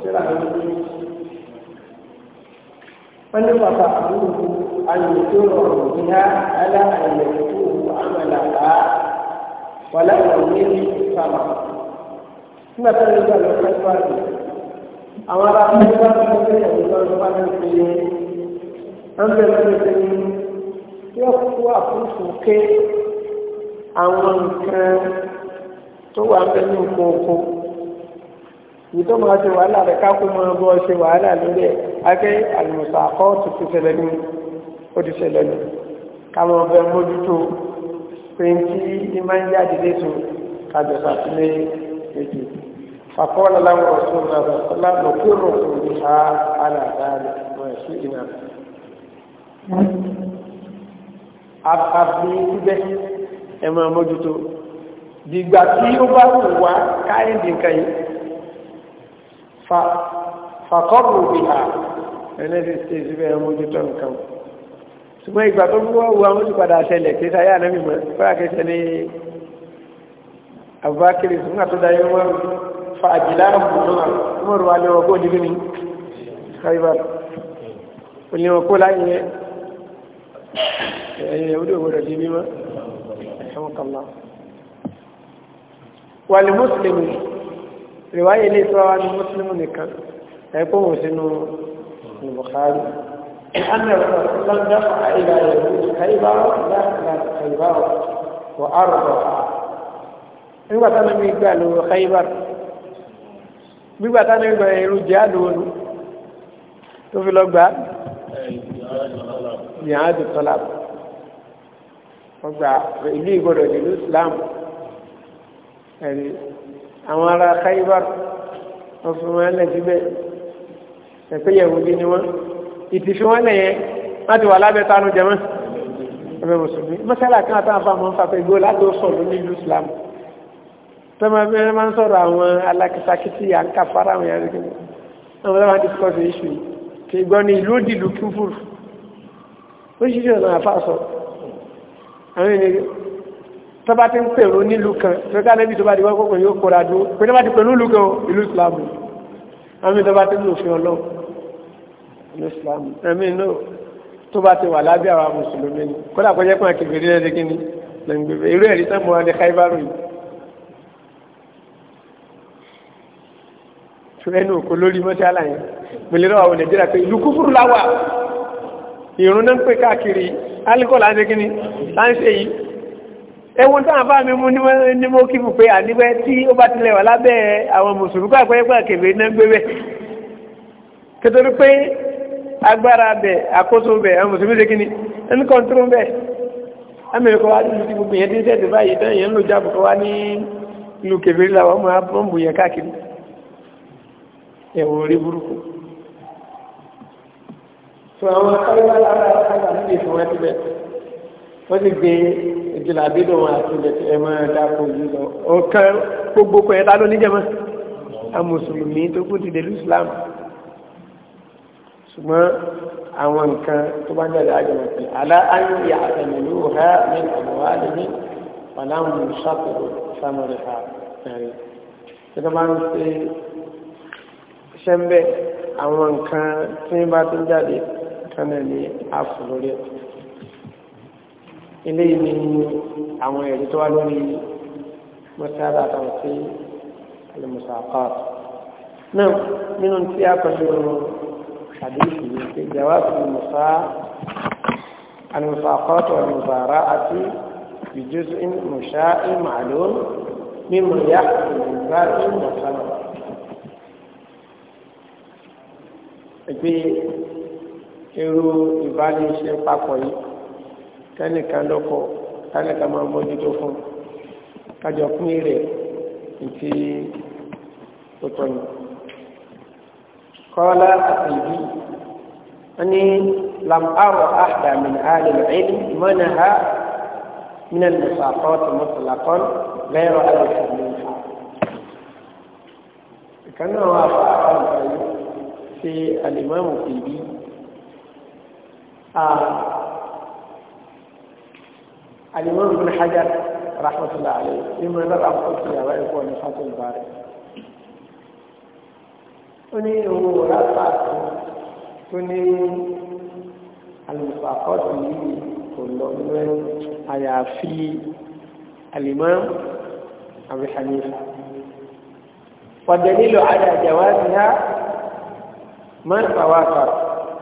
sílà nínú. Wọ́n ní bàbá àbúrò àyè tó rọrùn ní á aláàyè tó àmàlà á wà láwọn ní ìfàmà nígbà tó ń gbà lọ sẹ́kọ̀ọ́rì àwọn ará sẹ́kọ̀ọ́rì tó ń gbé ìyàwó lọ bá ń pè é ń bẹ lọ́dún tó ń yọ kó àfúrufú ké àwọn nǹkan tó wà ń bẹ ní nǹkan oko ìtọ́ máa ṣe wàhálà rẹ̀ káko máa bọ́ ṣe wàhálà lórí ẹ̀ akẹ́ àlùmọ̀sà akọ́ tó ṣẹlẹ̀ ní ó ṣẹlẹ̀ ní káwọn ọbẹ̀ mójútó pé ń kí ní máa ń jáde lẹ́sùn kájọ sàtúnlẹ́yìn méjì fàkọ́lá láwọn ọ̀sán náà bàtọ́lá lọ́kùnrin ọ̀sán ní ha alàdáàlì mọ̀ ẹ̀ṣẹ́ ìnà. àbí síbẹ̀ ẹ máa mójútó dìgbà tí ó bá wù wá káyìndì nǹkan yìí fàkọ́bù bí ha ẹlẹ́sìn ṣe síbẹ̀ ẹ mójútó nǹkan ṣùgbọ́n ìgbà tó wù wá wù wá wọ́n ti padà ṣẹlẹ̀ kí sáyà náà mímọ́ fúra kẹsẹ̀ ní Abubakar nígbà tó dáyé wọn fa àjìlá ọ̀pọ̀lọpọ̀ wọn rọ alẹ́ ọgbọ́n nígbà ní Khaibar òní wọn kó láyé yẹn ẹ̀yẹ orí òwúrọ̀ di mímọ́ ẹ̀wọ̀n kàmá wà ní mùsùlùmí rìwáyé ilé ìtura wa ní mùsùlùmí nìkan ẹ̀kọ́ wọn sínú Bukhari أن الرسول دفع إلى يهود خيبر داخل خيبر وأرضها nígbà táwọn ẹni gbà lò Khaybar nígbà táwọn ẹni gbà irú jẹ́ àlòwọ́nu tó fi lọ gbà yàrá ti tọ́lá ọgbà ìlú ìgbọ́dọ̀ ìlú Islam ẹ̀rí àwọn ará Khaybar wọ́n fi wọn lẹ̀ síbẹ̀ ẹ̀pẹ́ Yahudi ni wọ́n ìtìfi wọn lẹ̀ yẹn wọ́n ti wà lábẹ́ tánu jẹ́mọ́ ẹ̀mẹ́ mùsùlùmí mọ́sálà kan àtàwọn afáàmọ́ ń fàfẹ́ gbó látó sọ̀rọ̀ nílùú Islam tọ́mọ bí wọ́n máa ń sọ̀rọ̀ àwọn alákitakítí à ń kà fara àwọn yàrá kí wọ́n lọ́wọ́ discuss issue yìí kì í gbọ́ ní ìlú òdìlú kúfùrù ó ṣíṣe ọ̀nà àfàsọ àwọn ènìyàn tọ́ba ti ń pèrò nílùú kan tọ́ka lẹ́bí tó bá di wọ́n kókò yóò kóra dúró pé tọ́ba ti pèrò nílùú kan ìlú ìsìlámù àmì tọ́ba ti ń lòfin ọlọ́run ìlú ìsìlámù ẹ̀mí náà tó bá ti wà lábẹ́ àwọn mùsùlùmí ni kódà kọjá pé àkègbè rí ẹ̀rí kí ẹ̀rí sáà mọ́ adé káíbárò yìí ẹnu òkò lórí mọ́ṣálà yẹn pèlérò àwọn nàìjíríà pé ìlú kúfúrú láwà ìrún náà ń pè káàkiri alíkọ́ láti kí ni láńṣe yìí ẹwọ́n táwọn bá mi mú ní mọ́ kíkù pé àníbẹ́ tí ó bá tilẹ̀ wà lábẹ́ àwọn mùsùlùmí pàpẹ́pẹ́ kèfé náà gbé bẹ́ kẹtọ́rí pé agbára bẹ̀ àkóso bẹ̀ àwọn ni ẹni kọ́ńtúrú bẹ̀ amẹ́ríkọ́ wá ní ti gbogbo yẹn tí ń tẹ̀sí báyìí ẹ̀wọ̀n orí burúkú tó àwọn akọ́lẹ́wà lára àgbà níbi ìfún wọn síbẹ̀ wọ́n ti gbé ìjìlá bídùn wọn àti ilẹ̀ ẹ̀ máa dáko yìí lọ ọ̀kan gbogbo pẹ̀lú ta ló níjẹ̀mọ́ a mùsùlùmí tó kù ti dèlú Islam ṣùgbọ́n àwọn nǹkan tó bá ń jáde àjọyọ̀ pé alá ayé ìyá àtẹnudú ha ní àbọ̀wá lè ní pàlámù ṣàkóso sámúrì ha rẹ̀ tí wọ́n bá ń ṣe ṣiṣẹ́ ń bẹ́ àwọn nǹkan tí bá tó jáde kánà ní àfúlórí ilé ní àwọn ẹ̀rí tó wá lórí mọ́sára àtàwọn tí alìmọ̀sáfà náà nínú tí a pẹ̀lú àdéhùn ní pé jawab المفاقات والمزارعة بجزء مشاء معلوم مما يحصل من باب وثمر pé irú ìbánisẹ́ papọ̀ yìí kẹ́nìkan lọ́kọ̀ kẹ́nìkan máa mójútó fún kájọ pín rẹ̀ ìtì tó tọ̀nù. kọ́lá àti ìbí wọ́n ní lam arọ ahda min ahli al-ilm manaha min al-musaqat mutlaqan ghayra al-samin. ìkànnì àwọn afọ àwọn ọ̀rọ̀ ṣe àlèmọ́ọ̀mù tèbí àlèmọ́ọ̀mù bin hajar rahmatullahi alayhi nínú ẹlọ́rọ̀ àkọ́kọ́ ìyàwó ẹ̀kọ́ ní fatul bari ó ní owó rápá tó ní alùpàkọ́tù yìí kò lọ nínú àyàfi àlèmọ́ọ̀mù àbí wàdẹ̀ nílò àdàjẹ̀wá ti há máa tàwátà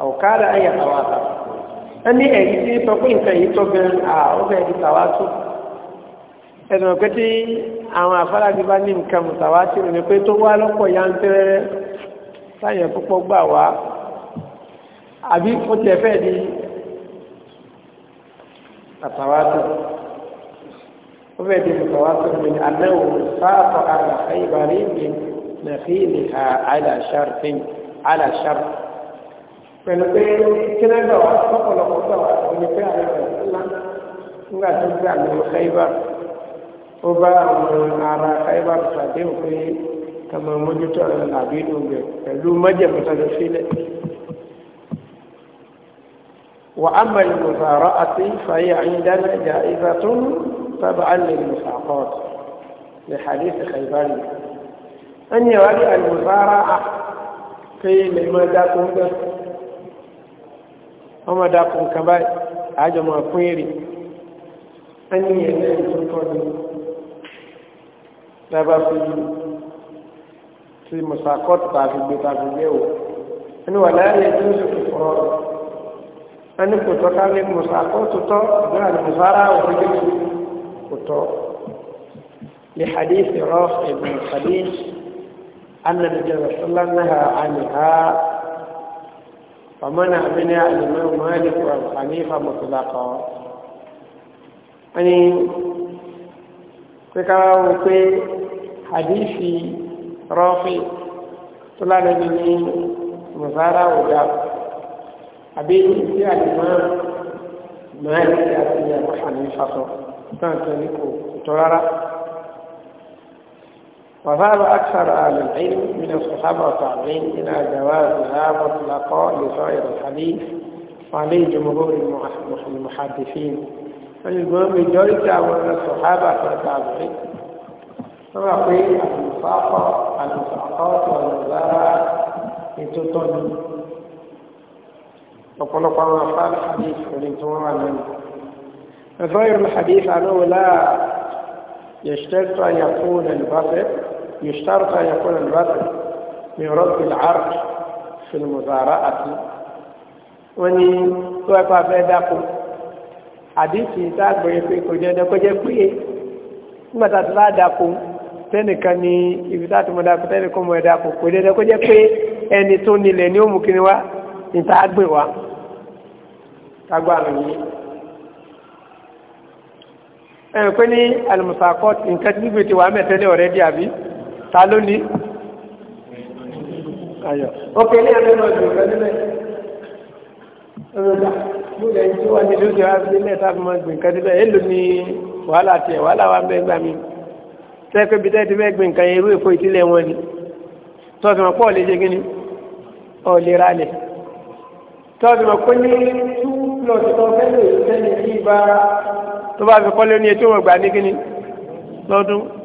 ọ̀kádà ayà tàwátà ẹni ẹ̀yí tí sọ pé nǹkan yìí tó gan ọ̀gá ẹ̀dí tàwátù ẹ̀sùn ọ̀pẹ́ tí àwọn àfárágbé bá ní nǹkan mùtàwátì rẹ̀ ni pé tó wá lọ́pọ̀ yántẹ́rẹ́rẹ́ sáyẹn púpọ̀ gbà wá àbí ó tẹ̀ fẹ́ di àtàwátù ó fẹ́ di mùtàwátù rẹ̀ anáwó sáàtọ̀ àgbà ìbàrí mi nàfíìlì àìlà sàrfẹ́yìn aláṣàrò pẹ̀lú pé kínágbà wa sọ́pọ̀lọpọ̀ gbà wá òní pé àwọn ọ̀sánlá nígbà tó gbé àmì káíbà ó bá àwọn ará káíbà pàdé òpin kàmá mójútó àwọn àbí inú rẹ pẹ̀lú mọ́jẹ̀mọ́tà lọ sílẹ̀. وأما المزارعة فهي عندنا جائزة تبعا للمساقات لحديث خيبان أن يولي المزارعة kéye lè máa dáko ń bẹ wọn máa dáko nǹkan báyìí àjọ máa pín èrè ẹni yẹn náà tó ń tọ́jú lábá fi ti mùsàkọ́tù tàbí gbé tàbí gbé wò ẹni wà láàyè tó ń sèkò fọ́ọ̀rọ̀ ẹni kò tọ́ ká lé mùsàkọ́tù tọ́ ìgbà ní mùsàrà òfin kò tọ́ lè hadith rọ́ọ̀fù ìbùn hadith. أن النبي صلى الله عليه وسلم نهى عنها فمنع منها الإمام مالك وأبو حنيفة مطلقا أني فكرة في حديث رافي طلع لي مزارع وجاب أبي في الإمام مالك أبو حنيفة كان تنكو ترى وقال أكثر أهل العلم من الصحابة والتعليم إلى جواز هذا لسائر الحديث وعليه جمهور المحدثين فالجمهور جلت أول الصحابة والتعليم ثم قيل المصافة المصافات والنزارة لتطن وقلوا قلوا قال الحديث ولنتمام منه غير الحديث أنه لا يشترط أن يكون البصر يشترط أن يكون الوضع من رب العرش في المزارعة وني توقع في داكو àdìsí tá a gbèrè pé kò jẹ́ kó jẹ́ pé nígbà tá a ti bá dàpọ̀ tẹ́nìkan ní ibi tá a ti mọ̀ dàpọ̀ tẹ́nìkan mọ̀ dàpọ̀ kò jẹ́ kó jẹ́ pé ẹni tó nílẹ̀ ní òmù kiri wa níta gbè wá kágbá mi yìí. ẹ̀rù pé ní alimusakọ́t nǹkan tí gbèsè wà mẹ́tẹ́lẹ̀ ọ̀rẹ́ dí àbí ta ló ní ayọ̀ ọkọ̀ ilé ẹgbẹ́ náà lò lọ nílẹ̀ ọlọ́dà múlẹ̀ tí wọ́n ní lóṣù wá sí ilé táfi máa gbìn kan síbẹ̀ èlò ní wàhálà tiẹ̀ wàhálà wa ń bẹ́ gbà mí sẹ́kọ̀ ibi tẹ́tí fẹ́ gbìn kan irú èkó ìtìlẹ̀ wọn ni tọ́sí wọn pọ̀ lè ṣe kíni ọ̀ lè ra lẹ̀ tọ́sí wọn pé ní tú lọ sí tọ́ fẹ́ lè sẹ́ni tí ì bá tó bá fi kọ́lé ní etí wọn gbà ní kíni lọ́dún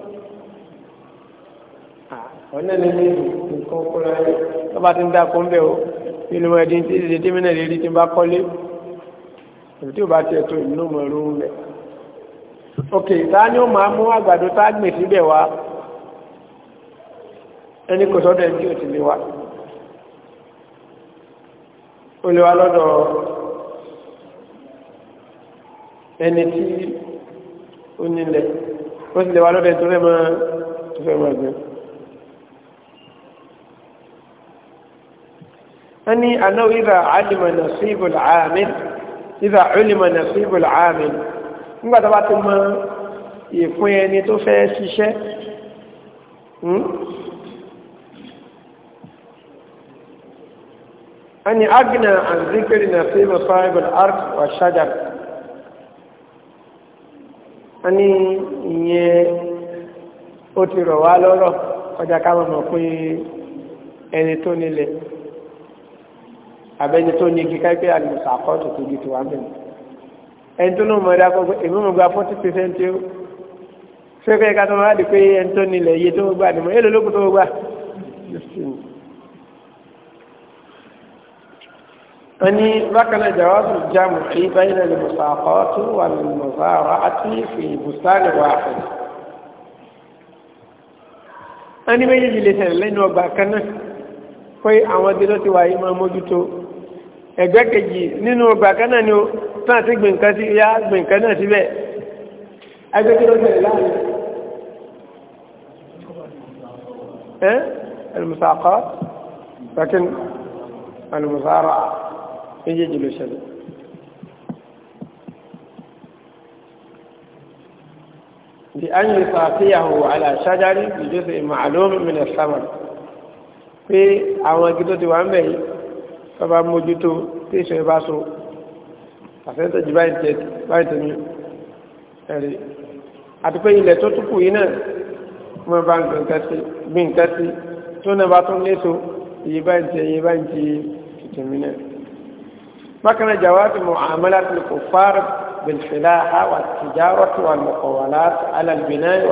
ọ̀nà ní ní nǹkan kóra tó bá ti ń dáko ńbẹ o nínú ẹ̀dín tí ìdílé tí mìíràn lè rí ti bá kọ́lé èyí tí ò bá tiẹ̀ tó ìlú mọ̀ ẹ̀rú ń bẹ̀. ok ìtaní ó máa mú àgbàdo tá a gbìn síbẹ̀ wá ẹni kò sọ́dọ̀ ẹni tí ò ti lè wá ó lè wá lọ́dọ̀ ẹni tí ó nílẹ̀ ó sì lè wá lọ́dọ̀ ẹni tó fẹ́ máa tó fẹ́ máa gbìn. أني ní إذا علم نصيب العامل إذا علم نصيب العامل amil nígbà tó bá ti mọ ìpín ẹni tó fẹ́ ṣiṣẹ́ wọ́n hmm? ní agna anzikiri nasibul sahibul arq wa shajar wọ́n ní ìyẹn ó ti lọ́rọ̀ kọjá ká mọ̀ ẹni tó nílẹ̀ abẹ́ni tó ní igi káyipẹ́ àlùsà àkọ́ọ̀tù tó di tiwa mẹ́rin ẹni tó náà mọ̀ ẹ́dá kọ́ pé èmi mọ̀ gba forty percent o fẹ́kẹ́ ká tó máa di pé ẹni tó nílẹ̀ iye tó gbà ni mo èlò lókun tó gbà. wọ́n ní bákan náà jàwáàbù jáàmù kí báyìí náà lè mọ̀sà àkọ́ọ̀tù wà lè mọ̀sà àti fi ìbùsánì ẹgbẹ́ kejì nínú ọgbà kan náà ni ó tán àti gbìnkan sí ya gbìnkan náà síbẹ̀ ẹgbẹ́ kí ló bẹ̀rẹ̀ láàrin ẹ́ ẹlùmùsàkọ́ lakin ẹlùmùsàrà méjèèjì ló ṣẹlẹ̀ bí an yìí tọ́ba mójútó tẹ̀sán bá so àfẹ́ntẹ̀jì báyìí tẹ̀ báyìí tẹ̀ mí ẹ̀rí àti pé ilẹ̀ tó túkù yìí náà wọ́n bá gbìn kẹ́sí gbìn kẹ́sí tó náà bá tún léso iye báyìí tẹ̀ iye báyìí tẹ̀ tẹ̀ mí náà. bákan náà jawaabi mu'amalat al-kuffar bil-filaha wat-tijarati wal-muqawalat 'ala al-binaa'i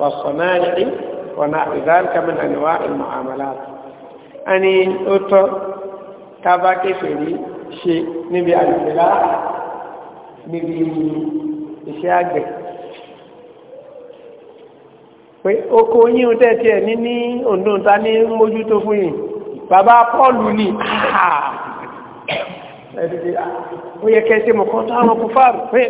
was-sanaa'i wa nahwi dhalika min anwaa'i al-mu'amalat tába kékeré se níbi àlùfẹ́lá níbi iṣẹ́ àgbẹ̀ pé oko yín tẹ́ tí ẹ̀ ní ní òǹdóǹ ta ní mójútó fún yìí bàbá pọ́ọ̀lù ni ó yẹ kẹ́ ṣe mọ̀kàn táwọn kò fáàrù pé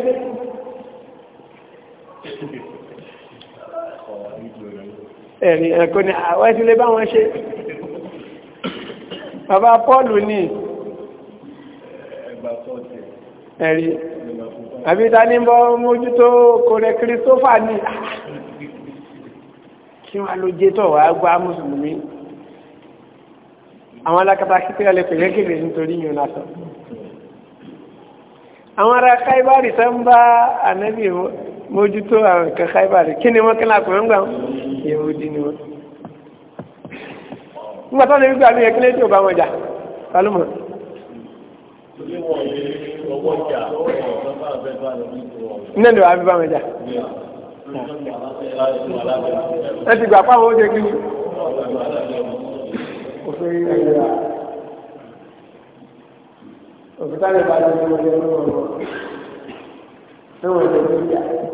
ẹ̀rìn ẹ̀kọ́ ni àwọn ẹ̀sìn lè bá wọn ṣe bàbá pọ́ọ̀lù ní ẹ̀rí àbíta ní bọ́ mójútó kòrè kírístófà ní kí wọ́n ló jẹ́ tọ̀ wá gbá mùsùlùmí àwọn alákàtà kíkẹ́ ẹlẹ́ pẹ̀lẹ́ kébè nítorí yìí lásán àwọn ará káíbárì tó ń bá ànábì mójútó àwọn ìkẹ́ káíbárì kí ni wọ́n kí nígbà tó lè rí gbà mí yẹn kílé tí ò bá wọn jà sálùmọ̀. iná ni wàá fi bá wọn jà. ẹ ti gbà pàwọn oúnjẹ kí ni. òfin sáré balẹ̀ ní ọjọ́ ìlú ọ̀rọ̀ tí wọ́n ti rí ìjà.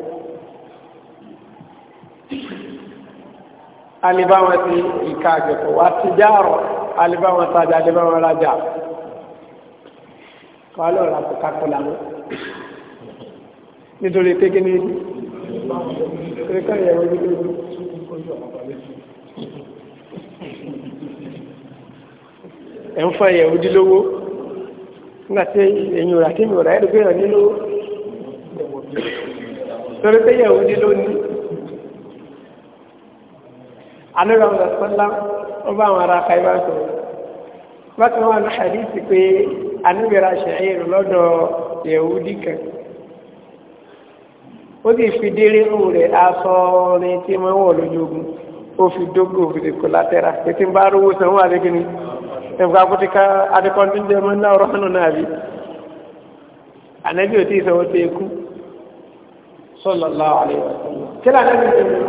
alibawọn ti ìka àgbẹ̀kọ wa ti jáàrọ̀ alibawọn tajà alibawọn rajà kọ́ ló ra kó kakó lànà nítorí pé kíni torí ká ìyàwó ní kíni. ẹ̀ ń fọ ìyàwó dílówó nígbà tí èyí ò rà kí mi ò rà ẹ̀ ló gbé ràn torí pé ìyàwó dílówó ní alóra ọ̀rọ̀ sọ́lá ó bá àwọn ará kaibá sọ̀rọ̀ bákan wọn hadith pé anúbẹ̀rẹ̀ ṣẹ̀yìn lọ́dọ̀ yẹ̀wúdí kan ó sì fi déré òun rẹ̀ aṣọ ni tí wọ́n wọ̀ lójoogun ó fi dógò òfìdè kò látẹ́ra pé tí ń bá rówó sanwó àdékìní ẹ̀fọ́ akútíká adékọ́ndé ń jẹ́ mọ́ ọ̀rọ̀ hànú náà bí ànábì ò tí ì sanwó tó ekú sallallahu alaihi wasallam kí lànà bí ó ti mú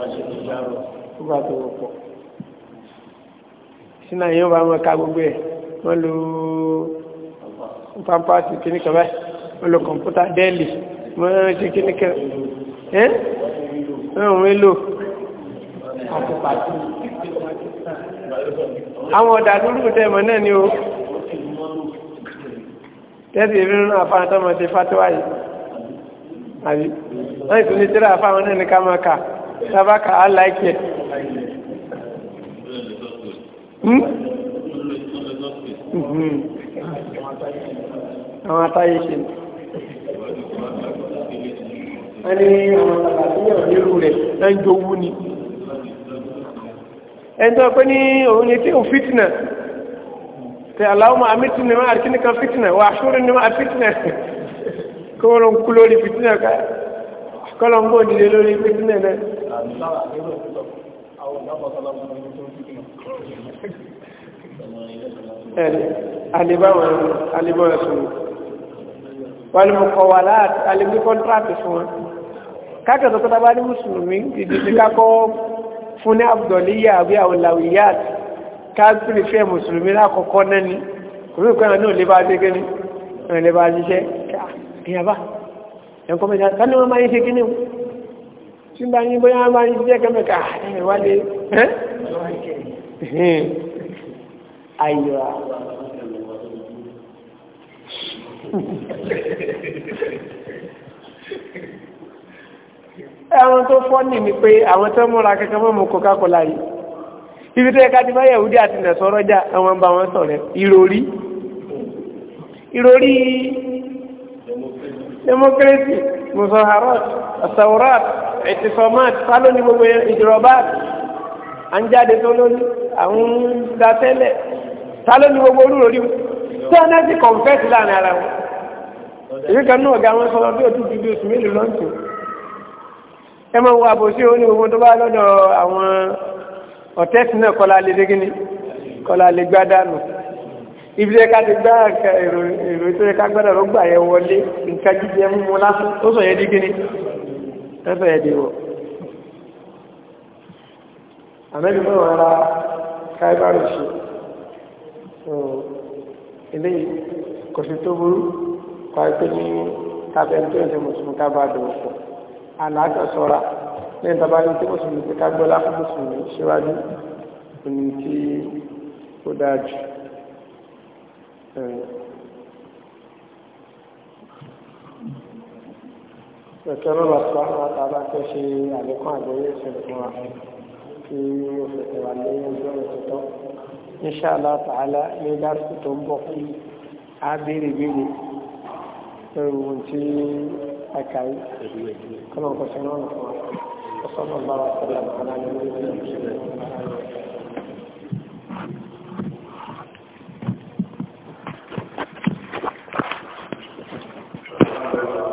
bá ṣe ti dárò ó bá tó wọ́pọ̀. sínú àyè wọn máa ka gbogbo ẹ̀ wọ́n lo pampasi kìíní kan báyìí wọ́n lo kọ̀ǹpútà dẹ́ẹ̀lì wọ́n lọ sí kìíní kan ẹ́ wọ́n wọ́n lò àti pàtó. àwọn ọ̀dà dúró tẹ̀ mọ́ náà ni o tẹ́sí ìrìn náà fáwọn tó sí fatiwa yìí àbí wọ́n ìtúnisíra fáwọn náà ní ká máa kà. Tabaka, I like it. Hmm? hmm? Àwọn atáyé ṣe. Wọ́n ní àwọn àtàkùnyàn nírú rẹ̀ lẹ́jọ owó ni. Ẹjọ́ pé ní òun ni tí ò fìtìnà. Tẹ aláwọ̀mọ̀ àmìtì ni máa kíní kan fìtìnà, wà ṣúrí ni máa fìtìnà. Kọ́wọ́n kú lórí fìtìnà ká. Kọ́lọ̀ ń bọ̀ nílé lórí fìtìnà náà lára lérò ìpìlọ̀ àwọn ìdábọ̀sọ́lá mọ̀ ní tó ń fi kìnnà. Alébọ̀ ẹ̀sùn. Wọ́n ni mo kọ̀ wà láti alébí kọ́ntrátì fún wọn. Kákẹ́ tó kọ́ta bá ní Mùsùlùmí, ìdíje kákọ́ fún ní Abdọ̀líyà àbí àwọn Làwíyàt, ká pìrìfẹ́ Mùsùlùmí lákọ̀ọ́kọ́ náà ni. Kò ní ìpẹ́ràn náà lè bá dé gẹ́ni, ẹ̀rìn lè tí bá yín bóyá máa ń jẹ́ kẹ́mẹ́kà ẹ̀ wá lé ayọ̀ àwọn tó fọ́nì ni pé àwọn tó múra kẹ́kẹ́ mọ́ mú Coca-Cola yìí ibi tó yẹ ti bá yẹ̀wúdí àti nẹ̀sọ́rọ́jà àwọn bá wọn sọ̀rọ̀ ìròrí ìròrí democracy musaharat ẹ̀tìfọ́mát sálóní gbogbo ìdìrọ̀bá àǹjáde tó lóní àwọn datẹ́lẹ̀ sálóní gbogbo orúurú rí tí wọ́n náà ti kọ̀ǹfẹ́sì láàrin ara wọn. èyí kan náà ga wọn sọ bí o tún ti di oṣù mélòó lọ́ǹtì. ẹ máa wo àbòsí òní gbogbo tó bá lọ́dọ̀ àwọn ọ̀tẹ́sì náà kọ́lá lè dé gíní kọ́lá lè gbá dànù ibi ẹka ti gbá èrò tó yẹ ká gbọ́dọ̀ ló gbà yẹ wọlé nǹkan jíjẹ mú mu lásán ó sọ yẹ dí gíní ẹfẹ̀ ẹ̀dẹ̀ wọ̀ àmẹ́bí mọ́ ara káíbárì ṣe ilé kò sí tó burú pàápẹ́ ní tàbẹ̀ntẹ́ ẹ̀sẹ̀ mùsùlùmí tábà dùn pọ̀ àlàájọ sọ́ra lẹ́yìn tàbá ní tí mùsùlùmí pé kágbọ́lá fún mùsùlùmí síwájú òní tí ó dáa jù ẹ̀kẹ́ lọ́wọ́ sọ́nà àtàbà tó ṣe àlékún àgbẹ̀yẹ ìṣẹ̀lẹ̀ wa tí ó fẹ̀sẹ̀ wà lẹ́yìn ọjọ́ ìtọ́tọ́ inṣàlá tààlà ní dárúkú tó ń bọ̀ á béèrè béèrè lórí ohun tí a kà í Thank you.